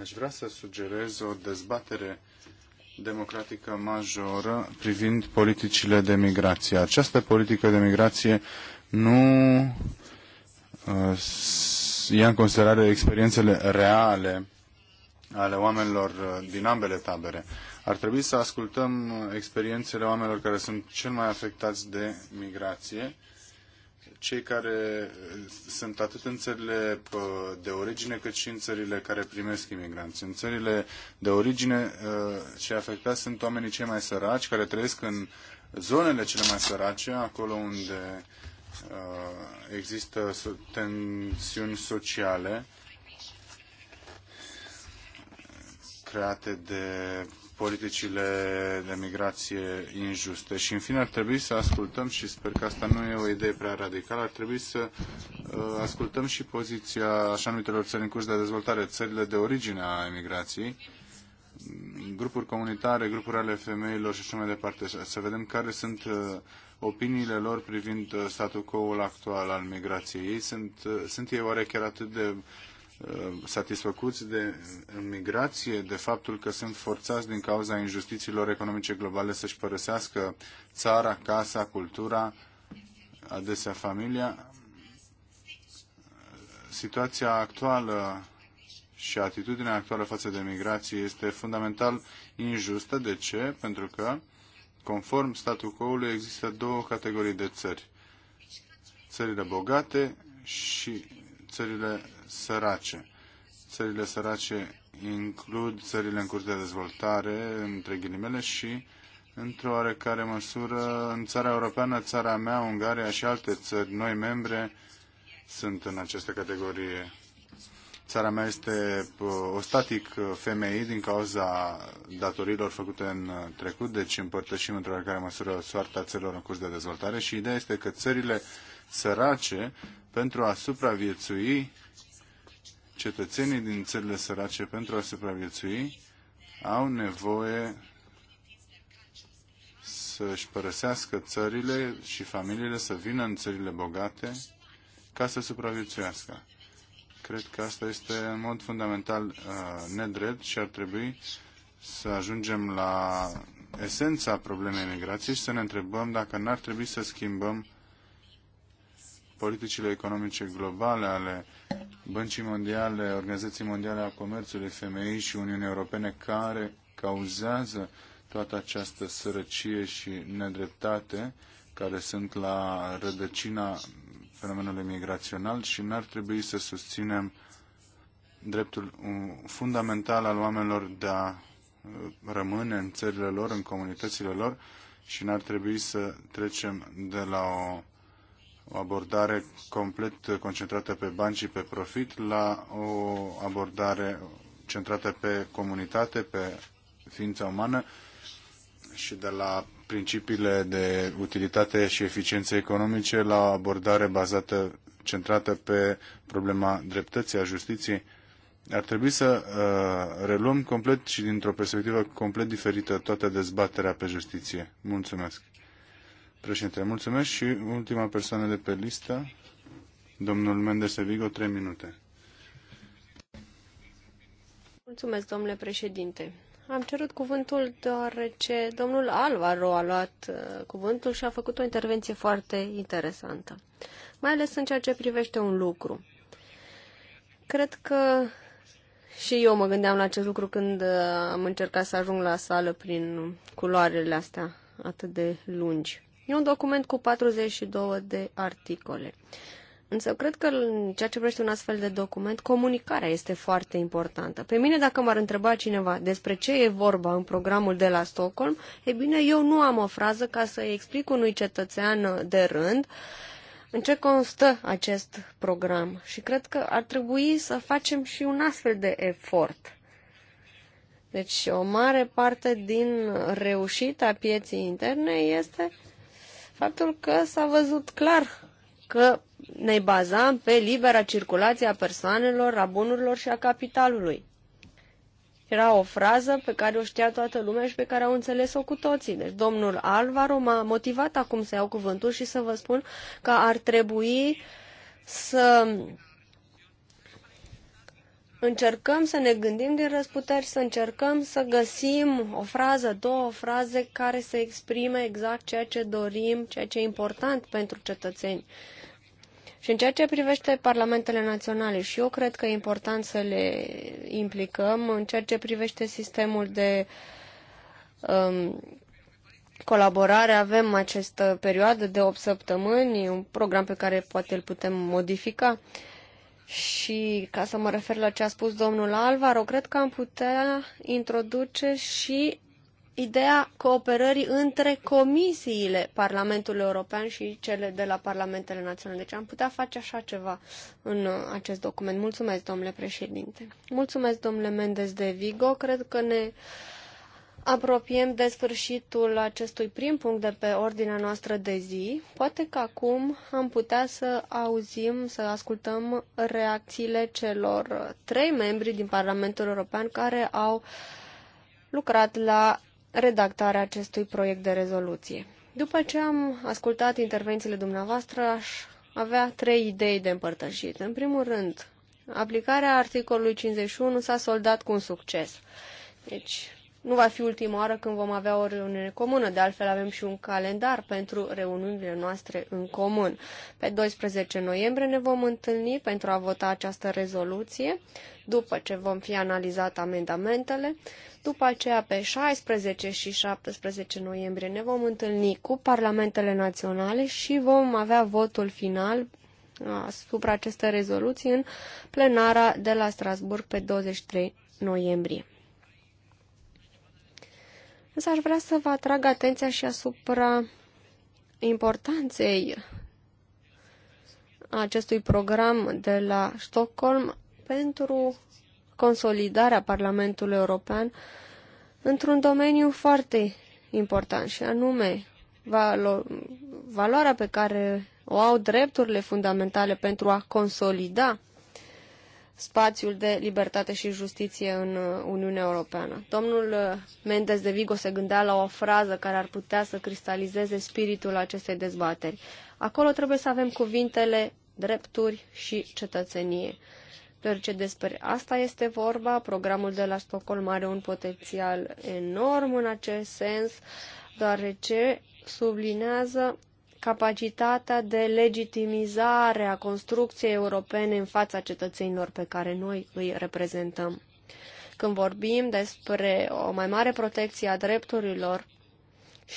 Aș vrea să sugerez o dezbatere democratică majoră privind politicile de migrație. Această politică de migrație nu uh, ia în considerare experiențele reale ale oamenilor uh, din ambele tabere. Ar trebui să ascultăm uh, experiențele oamenilor care sunt cel mai afectați de migrație cei care uh, sunt atât în țările uh, de origine cât și în țările care primesc imigranți. În țările de origine uh, cei afectați sunt oamenii cei mai săraci, care trăiesc în zonele cele mai sărace, acolo unde există tensiuni sociale create de politicile de migrație injuste. Și în fine ar trebui să ascultăm, și sper că asta nu e o idee prea radicală, ar trebui să uh, ascultăm și poziția așa numitelor țări în curs de dezvoltare, țările de origine a emigrației, grupuri comunitare, grupuri ale femeilor și așa mai departe, să vedem care sunt uh, opiniile lor privind uh, statul quo actual al migrației. Ei sunt, uh, sunt ei oare chiar atât de Uh, satisfăcuți de migrație, de faptul că sunt forțați din cauza injustițiilor economice globale să-și părăsească țara, casa, cultura, adesea familia. Situația actuală și atitudinea actuală față de migrație este fundamental injustă. De ce? Pentru că, conform statul coului, ului există două categorii de țări. Țările bogate și țările sărace. Țările sărace includ țările în curs de dezvoltare, între ghilimele, și într-o oarecare măsură în țara europeană, țara mea, Ungaria și alte țări, noi membre, sunt în această categorie. Țara mea este o static femei din cauza datorilor făcute în trecut, deci împărtășim într-o oarecare măsură soarta țărilor în curs de dezvoltare și ideea este că țările sărace pentru a supraviețui cetățenii din țările sărace pentru a supraviețui au nevoie să-și părăsească țările și familiile să vină în țările bogate ca să supraviețuiască. Cred că asta este în mod fundamental uh, nedrept și ar trebui să ajungem la esența problemei migrației și să ne întrebăm dacă n-ar trebui să schimbăm politicile economice globale ale Băncii Mondiale, Organizației Mondiale a Comerțului, FMI și Uniunii Europene care cauzează toată această sărăcie și nedreptate care sunt la rădăcina fenomenului migrațional și n-ar trebui să susținem dreptul fundamental al oamenilor de a uh, rămâne în țările lor, în comunitățile lor și n-ar trebui să trecem de la o o abordare complet concentrată pe bani și pe profit la o abordare centrată pe comunitate, pe ființa umană și de la principiile de utilitate și eficiență economice la o abordare bazată, centrată pe problema dreptății, a justiției. Ar trebui să uh, reluăm complet și dintr-o perspectivă complet diferită toată dezbaterea pe justiție. Mulțumesc! Președinte, mulțumesc și ultima persoană de pe listă, domnul Mendes Vigo, trei minute. Mulțumesc, domnule președinte. Am cerut cuvântul deoarece domnul Alvaro a luat uh, cuvântul și a făcut o intervenție foarte interesantă, mai ales în ceea ce privește un lucru. Cred că și eu mă gândeam la acest lucru când uh, am încercat să ajung la sală prin culoarele astea atât de lungi. E un document cu 42 de articole. Însă cred că în ceea ce privește un astfel de document, comunicarea este foarte importantă. Pe mine, dacă m-ar întreba cineva despre ce e vorba în programul de la Stockholm, e bine, eu nu am o frază ca să i explic unui cetățean de rând în ce constă acest program. Și cred că ar trebui să facem și un astfel de efort. Deci o mare parte din reușita pieții interne este faptul că s-a văzut clar că ne bazam pe libera circulație a persoanelor, a bunurilor și a capitalului. Era o frază pe care o știa toată lumea și pe care au înțeles-o cu toții. Deci domnul Alvaro m-a motivat acum să iau cuvântul și să vă spun că ar trebui să încercăm să ne gândim din răsputeri, să încercăm să găsim o frază, două fraze care să exprime exact ceea ce dorim, ceea ce e important pentru cetățeni. Și în ceea ce privește parlamentele naționale, și eu cred că e important să le implicăm, în ceea ce privește sistemul de um, colaborare, avem această perioadă de 8 săptămâni, un program pe care poate îl putem modifica. Uh, și ca să mă refer la ce a spus domnul Alvaro, cred că am putea introduce și ideea cooperării între comisiile Parlamentului European și cele de la Parlamentele Naționale. Deci am putea face așa ceva în acest document. Mulțumesc, domnule președinte. Mulțumesc, domnule Mendes de Vigo. Cred că ne apropiem de sfârșitul acestui prim punct de pe ordinea noastră de zi, poate că acum am putea să auzim, să ascultăm reacțiile celor trei membri din Parlamentul European care au lucrat la redactarea acestui proiect de rezoluție. După ce am ascultat intervențiile dumneavoastră, aș avea trei idei de împărtășit. În primul rând, aplicarea articolului 51 s-a soldat cu un succes. Deci, nu va fi ultima oară când vom avea o reuniune comună, de altfel avem și un calendar pentru reuniunile noastre în comun. Pe 12 noiembrie ne vom întâlni pentru a vota această rezoluție, după ce vom fi analizat amendamentele. După aceea, pe 16 și 17 noiembrie ne vom întâlni cu parlamentele naționale și vom avea votul final asupra acestei rezoluții în plenara de la Strasburg pe 23 noiembrie. Însă aș vrea să vă atrag atenția și asupra importanței acestui program de la Stockholm pentru consolidarea Parlamentului European într-un domeniu foarte important și anume valo valoarea pe care o au drepturile fundamentale pentru a consolida spațiul de libertate și justiție în uh, Uniunea Europeană. Domnul uh, Mendes de Vigo se gândea la o frază care ar putea să cristalizeze spiritul acestei dezbateri. Acolo trebuie să avem cuvintele drepturi și cetățenie. Deoarece despre asta este vorba, programul de la Stockholm are un potențial enorm în acest sens, deoarece sublinează capacitatea de legitimizare a construcției europene în fața cetățenilor pe care noi îi reprezentăm. Când vorbim despre o mai mare protecție a drepturilor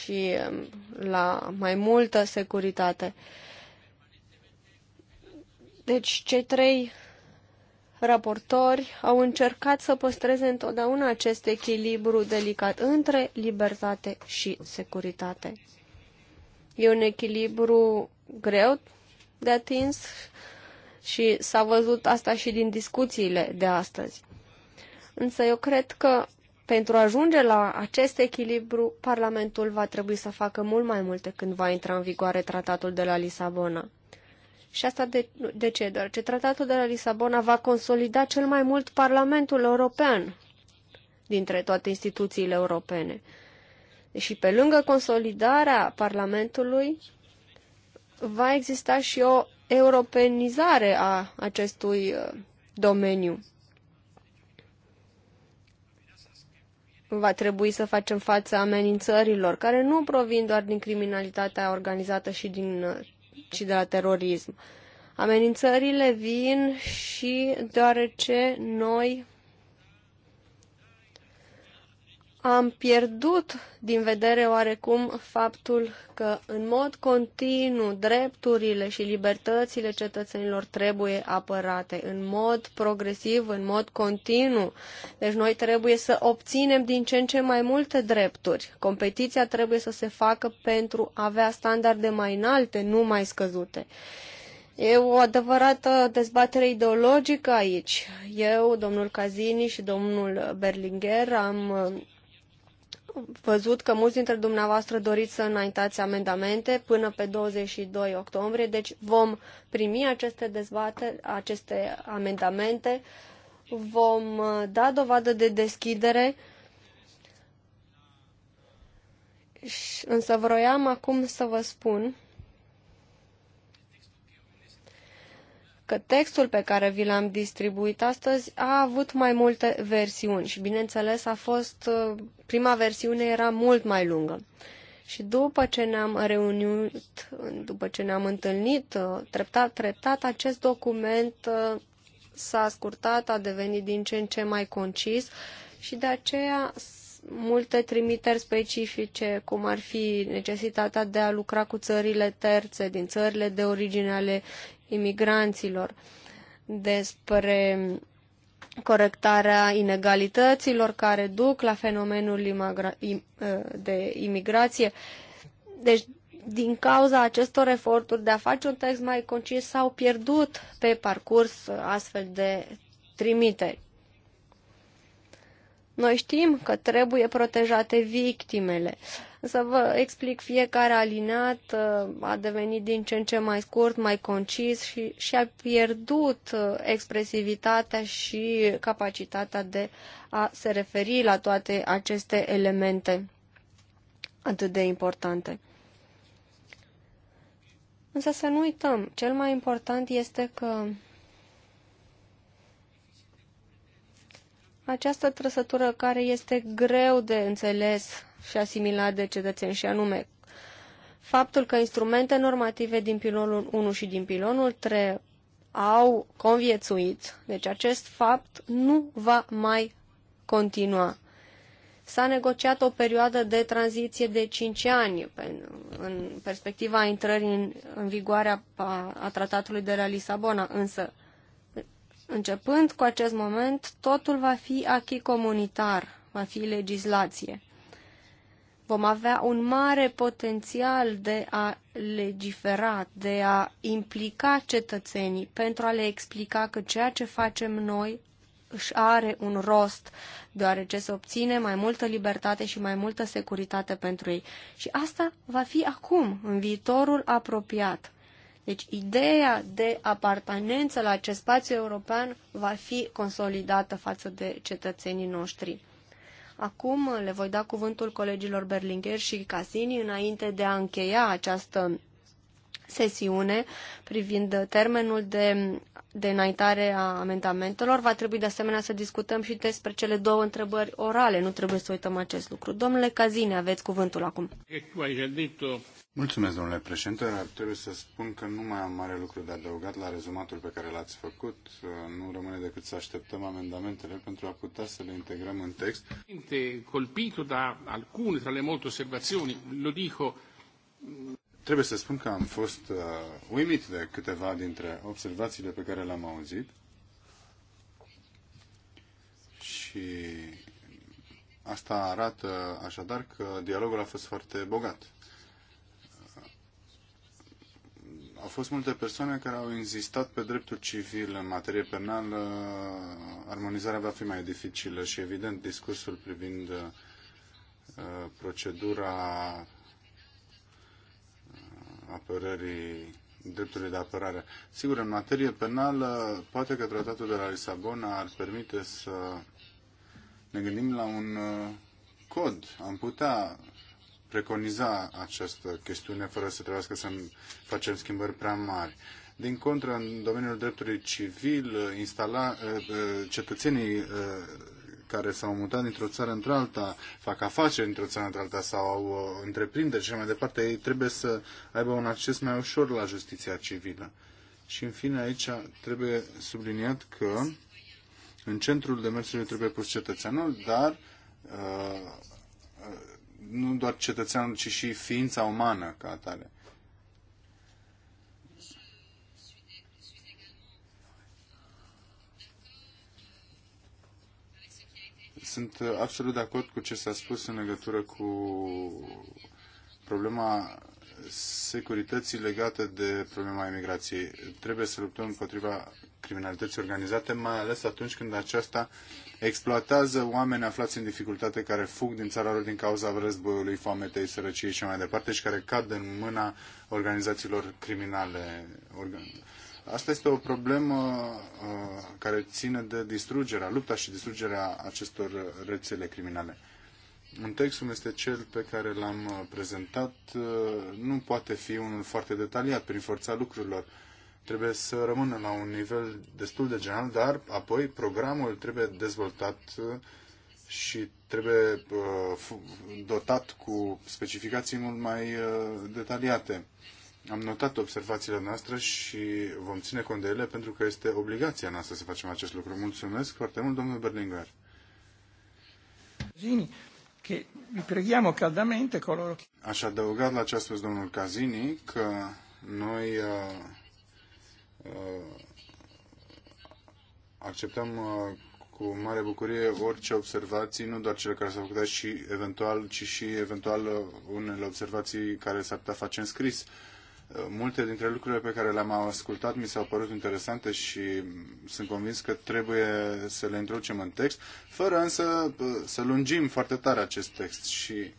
și um, la mai multă securitate. Deci cei trei raportori au încercat să păstreze întotdeauna acest echilibru delicat între libertate și securitate. E un echilibru greu de atins și s-a văzut asta și din discuțiile de astăzi. Însă eu cred că pentru a ajunge la acest echilibru, Parlamentul va trebui să facă mult mai multe când va intra în vigoare tratatul de la Lisabona. Și asta de, de ce? Deoarece tratatul de la Lisabona va consolida cel mai mult Parlamentul European dintre toate instituțiile europene. Și pe lângă consolidarea Parlamentului, va exista și o europenizare a acestui uh, domeniu. Va trebui să facem față amenințărilor care nu provin doar din criminalitatea organizată și, din, uh, și de la terorism. Amenințările vin și deoarece noi am pierdut din vedere oarecum faptul că în mod continuu drepturile și libertățile cetățenilor trebuie apărate în mod progresiv, în mod continuu. Deci noi trebuie să obținem din ce în ce mai multe drepturi. Competiția trebuie să se facă pentru a avea standarde mai înalte, nu mai scăzute. E o adevărată dezbatere ideologică aici. Eu, domnul Cazini și domnul Berlinger am văzut că mulți dintre dumneavoastră doriți să înaintați amendamente până pe 22 octombrie, deci vom primi aceste dezbateri, aceste amendamente, vom uh, da dovadă de deschidere, însă vroiam acum să vă spun că textul pe care vi l-am distribuit astăzi a avut mai multe versiuni și, bineînțeles, a fost, uh, prima versiune era mult mai lungă. Și după ce ne-am reunit, după ce ne-am întâlnit, uh, treptat, treptat, acest document uh, s-a scurtat, a devenit din ce în ce mai concis și de aceea multe trimiteri specifice, cum ar fi necesitatea de a lucra cu țările terțe, din țările de origine ale imigranților, despre corectarea inegalităților care duc la fenomenul ă, de imigrație. Deci, din cauza acestor eforturi de a face un text mai concis, s-au pierdut pe parcurs astfel de trimiteri. Noi știm că trebuie protejate victimele. Uh, să vă explic, fiecare alineat uh, a devenit din ce în ce mai scurt, mai concis și, și a pierdut uh, expresivitatea și capacitatea de a se referi la toate aceste elemente atât de importante. Însă să nu uităm, cel mai important este că această trăsătură care este greu de înțeles și asimilat de cetățeni și anume faptul că instrumente normative din pilonul 1 și din pilonul 3 au conviețuit, deci acest fapt nu va mai continua. S-a negociat o perioadă de tranziție de 5 ani în perspectiva intrării în, în vigoare a, a tratatului de la Lisabona, însă începând cu acest moment, totul va fi acquis comunitar, va fi legislație vom avea un mare potențial de a legifera, de a implica cetățenii pentru a le explica că ceea ce facem noi își are un rost, deoarece se obține mai multă libertate și mai multă securitate pentru ei. Și asta va fi acum, în viitorul apropiat. Deci ideea de apartenență la acest spațiu european va fi consolidată față de cetățenii noștri. Acum le voi da cuvântul colegilor Berlinger și Casini înainte de a încheia această sesiune privind termenul de, de înaintare a amendamentelor. Va trebui de asemenea să discutăm și despre cele două întrebări orale. Nu trebuie să uităm acest lucru. Domnule Cazine, aveți cuvântul acum. Mulțumesc, domnule președinte. Ar trebui să spun că nu mai am mare lucru de adăugat la rezumatul pe care l-ați făcut. Nu rămâne decât să așteptăm amendamentele pentru a putea să le integrăm în text. Colpito da alcune tra le molte osservazioni, lo dico... Trebuie să spun că am fost uh, uimit de câteva dintre observațiile pe care le-am auzit și asta arată așadar că dialogul a fost foarte bogat au fost multe persoane care au insistat pe dreptul civil în materie penală. Armonizarea va fi mai dificilă și, evident, discursul privind uh, procedura uh, apărării drepturile de apărare. Sigur, în materie penală, poate că tratatul de la Lisabona ar permite să ne gândim la un uh, cod. Am putea preconiza această chestiune fără să trebuiască să facem schimbări prea mari. Din contră, în domeniul dreptului civil, instala, eh, eh, cetățenii eh, care s-au mutat dintr-o țară într-alta, fac afaceri dintr-o țară într-alta sau au întreprinderi și mai departe, ei trebuie să aibă un acces mai ușor la justiția civilă. Și în fine aici trebuie subliniat că în centrul demersului trebuie pus cetățeanul, dar uh, nu doar cetățeanul, ci și ființa umană ca atare. Sunt absolut de acord cu ce s-a spus în legătură cu problema securității legată de problema imigrației. Trebuie să luptăm împotriva criminalității organizate, mai ales atunci când aceasta exploatează oameni aflați în dificultate care fug din țara lor din cauza războiului, foametei, sărăciei și mai departe și care cad în mâna organizațiilor criminale. Asta este o problemă uh, care ține de distrugerea, lupta și distrugerea acestor rețele criminale. Un textul este cel pe care l-am prezentat, uh, nu poate fi unul foarte detaliat prin forța lucrurilor trebuie să rămână la un nivel destul de general, dar apoi programul trebuie dezvoltat uh, și trebuie uh, dotat cu specificații mult mai uh, detaliate. Am notat observațiile noastre și vom ține cont de ele pentru că este obligația noastră să facem acest lucru. Mulțumesc foarte mult, domnul Berlinguer. Zini, că vi preghiamo caldamente coloro Aș adăuga la ce a spus domnul Cazini că noi Uh, acceptăm uh, cu mare bucurie orice observații, nu doar cele care s-au făcut și eventual, ci și eventual uh, unele observații care s-ar putea face în scris. Multe dintre lucrurile pe care le-am ascultat mi s-au părut interesante și sunt convins că trebuie să le introducem în text, fără însă să lungim foarte tare acest text și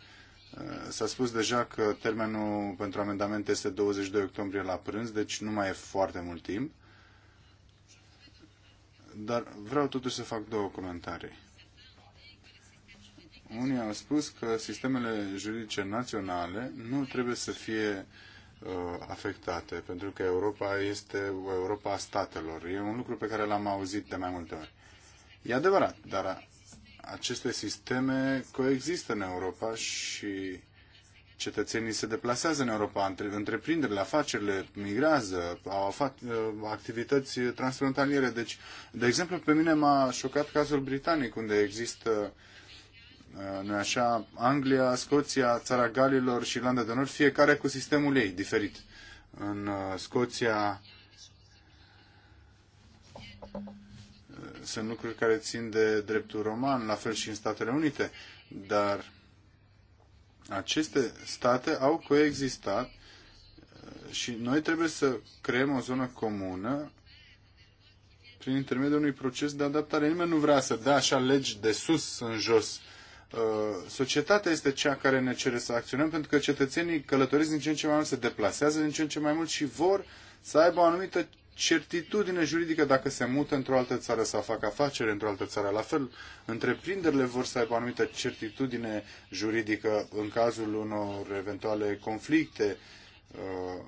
Eh, s-a spus deja că termenul pentru amendamente este 22 octombrie la prânz, deci nu mai e foarte mult timp. Dar vreau totuși să fac două comentarii. Unii au spus că sistemele juridice naționale nu trebuie să fie uh, afectate, pentru că Europa este Europa a statelor. E un lucru pe care l-am auzit de mai multe ori. E adevărat, dar aceste sisteme coexistă în Europa și cetățenii se deplasează în Europa, întreprinderile, afacerile migrează, au uh, activități transfrontaliere. Deci, de exemplu, pe mine m-a șocat cazul britanic, unde există uh, nu așa, Anglia, Scoția, Țara Galilor și Irlanda de Nord, fiecare cu sistemul ei diferit. În uh, Scoția sunt lucruri care țin de dreptul roman, la fel și în Statele Unite, dar aceste state au coexistat uh, și noi trebuie să creăm o zonă comună prin intermediul unui proces de adaptare. Nimeni nu vrea să dea așa legi de sus în jos. Uh, societatea este cea care ne cere să acționăm pentru că cetățenii călătoresc din ce în ce mai mult, se deplasează din ce în ce mai mult și vor să aibă o anumită certitudine juridică dacă se mută într-o altă țară sau fac afacere într-o altă țară. La fel, întreprinderile vor să aibă o anumită certitudine juridică în cazul unor eventuale conflicte. Uh,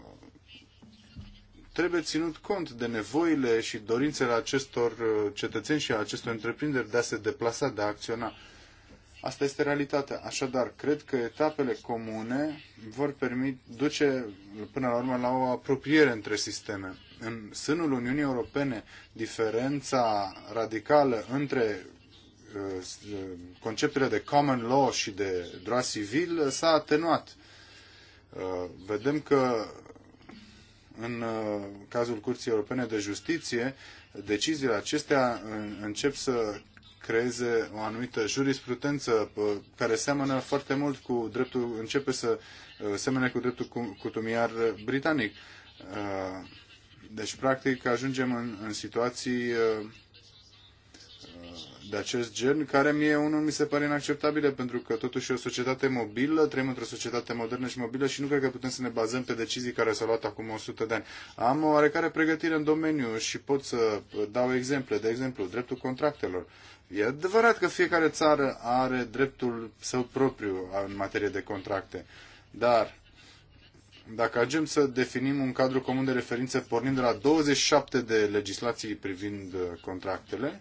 trebuie ținut cont de nevoile și dorințele acestor uh, cetățeni și a acestor întreprinderi de a se deplasa, de a acționa. Asta este realitatea. Așadar, cred că etapele comune vor permite duce până la urmă la o apropiere între sisteme. În sânul Uniunii Europene, diferența radicală între uh, conceptele de common law și de droit civil s-a atenuat. Uh, vedem că în uh, cazul Curții Europene de Justiție, deciziile acestea încep să creeze o anumită jurisprudență care seamănă foarte mult cu dreptul, începe să ă, semene cu dreptul cutumiar britanic. Ă, deci, practic, ajungem în, în situații ă, de acest gen, care mie unul mi se pare inacceptabile, pentru că totuși e o societate mobilă, trăim într-o societate modernă și mobilă și nu cred că putem să ne bazăm pe decizii care s-au luat acum 100 de ani. Am o oarecare pregătire în domeniu și pot să dau exemple, de exemplu, dreptul contractelor. E adevărat că fiecare țară are dreptul său propriu în materie de contracte, dar dacă ajungem să definim un cadru comun de referință pornind de la 27 de legislații privind uh, contractele,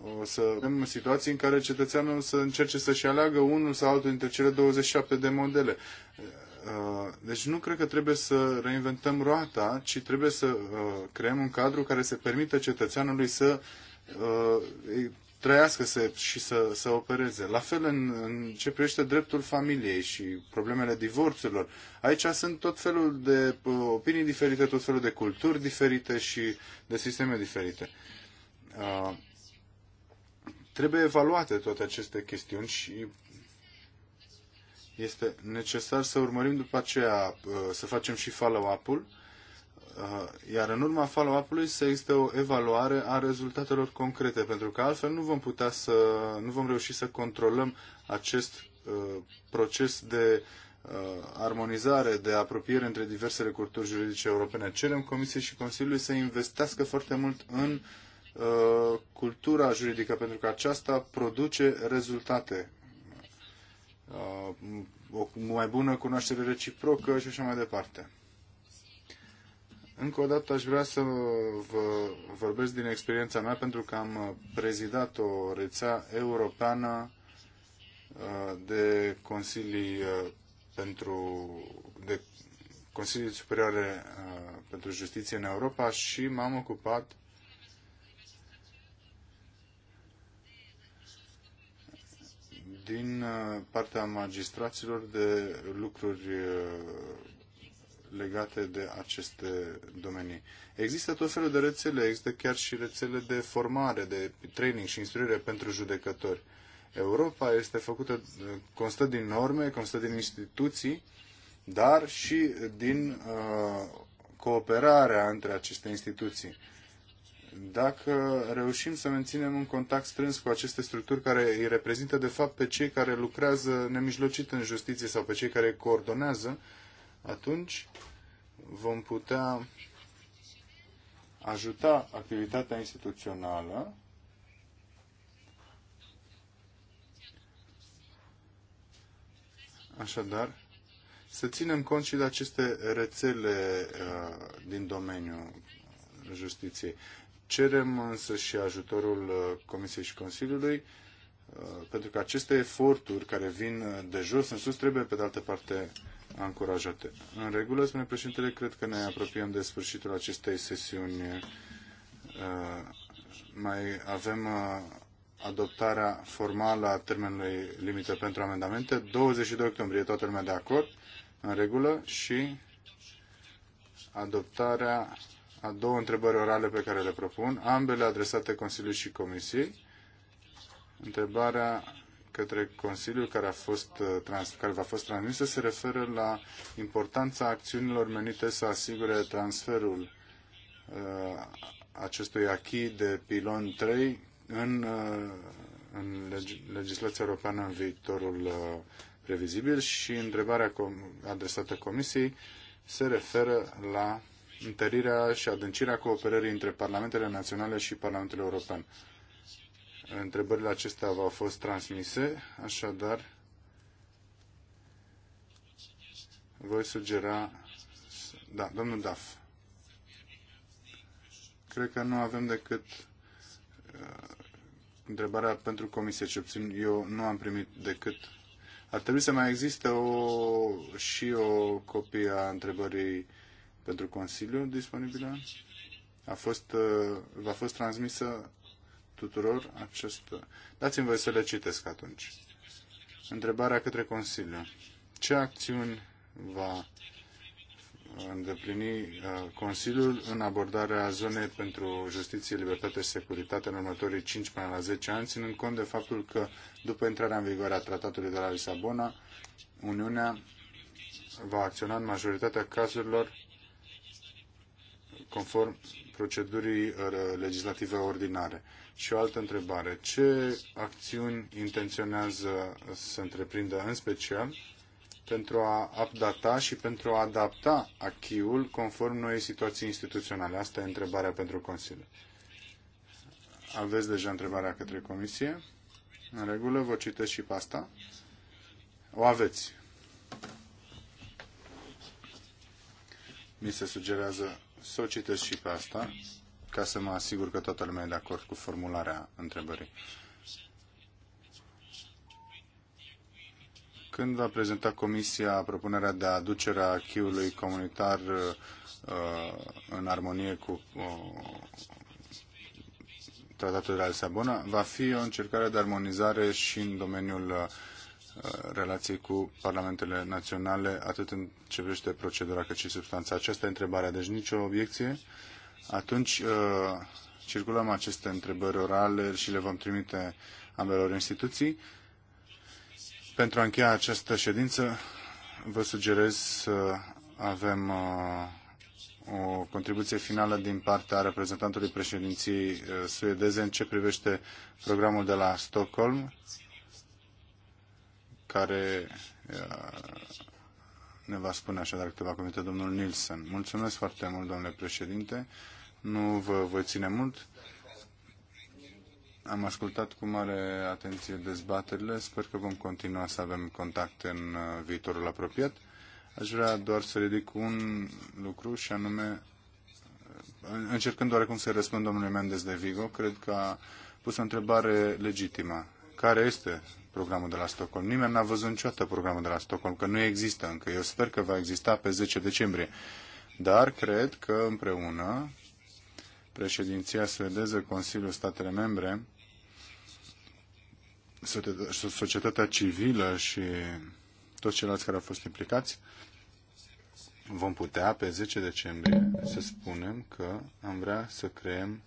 uh, o să avem situații în care cetățeanul să încerce să-și aleagă unul sau altul dintre cele 27 de modele. Uh, deci nu cred că trebuie să reinventăm roata, ci trebuie să uh, creăm un cadru care să permită cetățeanului să uh, trăiască să, și să, să opereze. La fel în, în ce privește dreptul familiei și problemele divorțurilor. Aici sunt tot felul de opinii diferite, tot felul de culturi diferite și de sisteme diferite. Uh, trebuie evaluate toate aceste chestiuni și este necesar să urmărim după aceea, uh, să facem și follow-up-ul, uh, iar în urma follow-up-ului să existe o evaluare a rezultatelor concrete, pentru că altfel nu vom putea să, nu vom reuși să controlăm acest uh, proces de armonizare, de apropiere între diversele culturi juridice europene. Cerem Comisiei și Consiliului să investească foarte mult în cultura juridică, pentru că aceasta produce rezultate Uh, o mai bună cunoaștere reciprocă și așa mai departe. Încă o dată aș vrea să vă vorbesc din experiența mea pentru că am prezidat o rețea europeană uh, de consilii uh, pentru de consilii superioare pentru justiție în Europa și m-am ocupat din uh, partea magistraților de lucruri uh, legate de aceste domenii. Există tot felul de rețele, există chiar și rețele de formare, de training și instruire pentru judecători. Europa este făcută, uh, constă din norme, constă din instituții, dar și din uh, cooperarea între aceste instituții dacă reușim să menținem un contact strâns cu aceste structuri care îi reprezintă de fapt pe cei care lucrează nemijlocit în justiție sau pe cei care coordonează, atunci vom putea ajuta activitatea instituțională Așadar, să ținem cont și de aceste rețele uh, din domeniul justiției. Cerem însă și ajutorul uh, Comisiei și Consiliului, uh, pentru că aceste eforturi care vin uh, de jos în sus trebuie, pe de altă parte, încurajate. În regulă, spune președintele, cred că ne apropiem de sfârșitul acestei sesiuni. Mai avem adoptarea formală a termenului limită pentru amendamente. 22 octombrie, toată lumea de acord, în regulă, și adoptarea a două întrebări orale pe care le propun, ambele adresate Consiliului și Comisiei. Întrebarea către Consiliul care, a fost, uh, trans, care v-a fost transmisă se referă la importanța acțiunilor menite să asigure transferul uh, acestui achii de pilon 3 în, uh, în leg legislația europeană în viitorul uh, previzibil și întrebarea com adresată Comisiei se referă la întărirea și adâncirea cooperării între Parlamentele Naționale și Parlamentul European. Întrebările acestea v-au fost transmise, așadar voi sugera... Da, domnul Daf. Cred că nu avem decât uh, întrebarea pentru comisie, ce puțin eu nu am primit decât. Ar trebui să mai existe o, și o copie a întrebării pentru Consiliu disponibilă. A fost, uh, v-a fost transmisă tuturor acest. Dați-mi voi să le citesc atunci. Întrebarea către Consiliu. Ce acțiuni va îndeplini uh, Consiliul în abordarea zonei pentru justiție, libertate și securitate în următorii 5 până la 10 ani, ținând cont de faptul că după intrarea în vigoare a tratatului de la Lisabona, Uniunea va acționa în majoritatea cazurilor conform procedurii uh, legislative ordinare. Și o altă întrebare. Ce acțiuni intenționează să întreprindă în special pentru a updata și pentru a adapta achiul conform noii situații instituționale? Asta e întrebarea pentru Consiliu. Aveți deja întrebarea către Comisie? În regulă, vă citesc și pe asta. O aveți. Mi se sugerează să o citesc și pe asta, ca să mă asigur că toată lumea e de acord cu formularea întrebării. Când va prezenta Comisia propunerea de aducere a acquis comunitar uh, în armonie cu uh, Tratatul de la Lisabona, va fi o încercare de armonizare și în domeniul uh, relației cu parlamentele naționale, atât în ce privește procedura, cât și substanța. Aceasta e întrebarea, deci nicio obiecție. Atunci uh, circulăm aceste întrebări orale și le vom trimite ambelor instituții. Pentru a încheia această ședință, vă sugerez să avem uh, o contribuție finală din partea reprezentantului președinției uh, suedeze în ce privește programul de la Stockholm care uh, ne va spune așadar câteva cuvinte domnul Nilsson. Mulțumesc foarte mult, domnule președinte. Nu vă voi ține mult. Am ascultat cu mare atenție dezbaterile. Sper că vom continua să avem contact în uh, viitorul apropiat. Aș vrea doar să ridic un lucru și anume, uh, încercând oarecum să răspund domnului Mendes de Vigo, cred că a pus o întrebare legitimă. Care este programul de la Stockholm. Nimeni n-a văzut niciodată programul de la Stockholm, că nu există încă. Eu sper că va exista pe 10 decembrie. Dar cred că împreună președinția suedeză, Consiliul Statele Membre, societatea civilă și toți ceilalți care au fost implicați, vom putea pe 10 decembrie să spunem că am vrea să creăm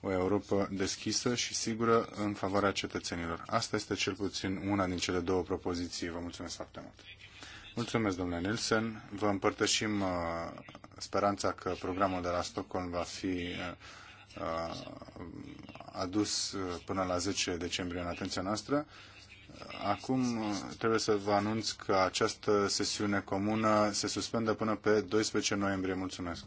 o Europa deschisă și sigură în favoarea cetățenilor. Asta este cel puțin una din cele două propoziții. Vă mulțumesc foarte mult. Mulțumesc, domnule Nielsen. Vă împărtășim uh, speranța că programul de la Stockholm va fi uh, uh adus uh, până la 10 decembrie în atenția noastră. Acum uh, trebuie să vă anunț că această sesiune comună se suspendă până pe 12 noiembrie. Mulțumesc!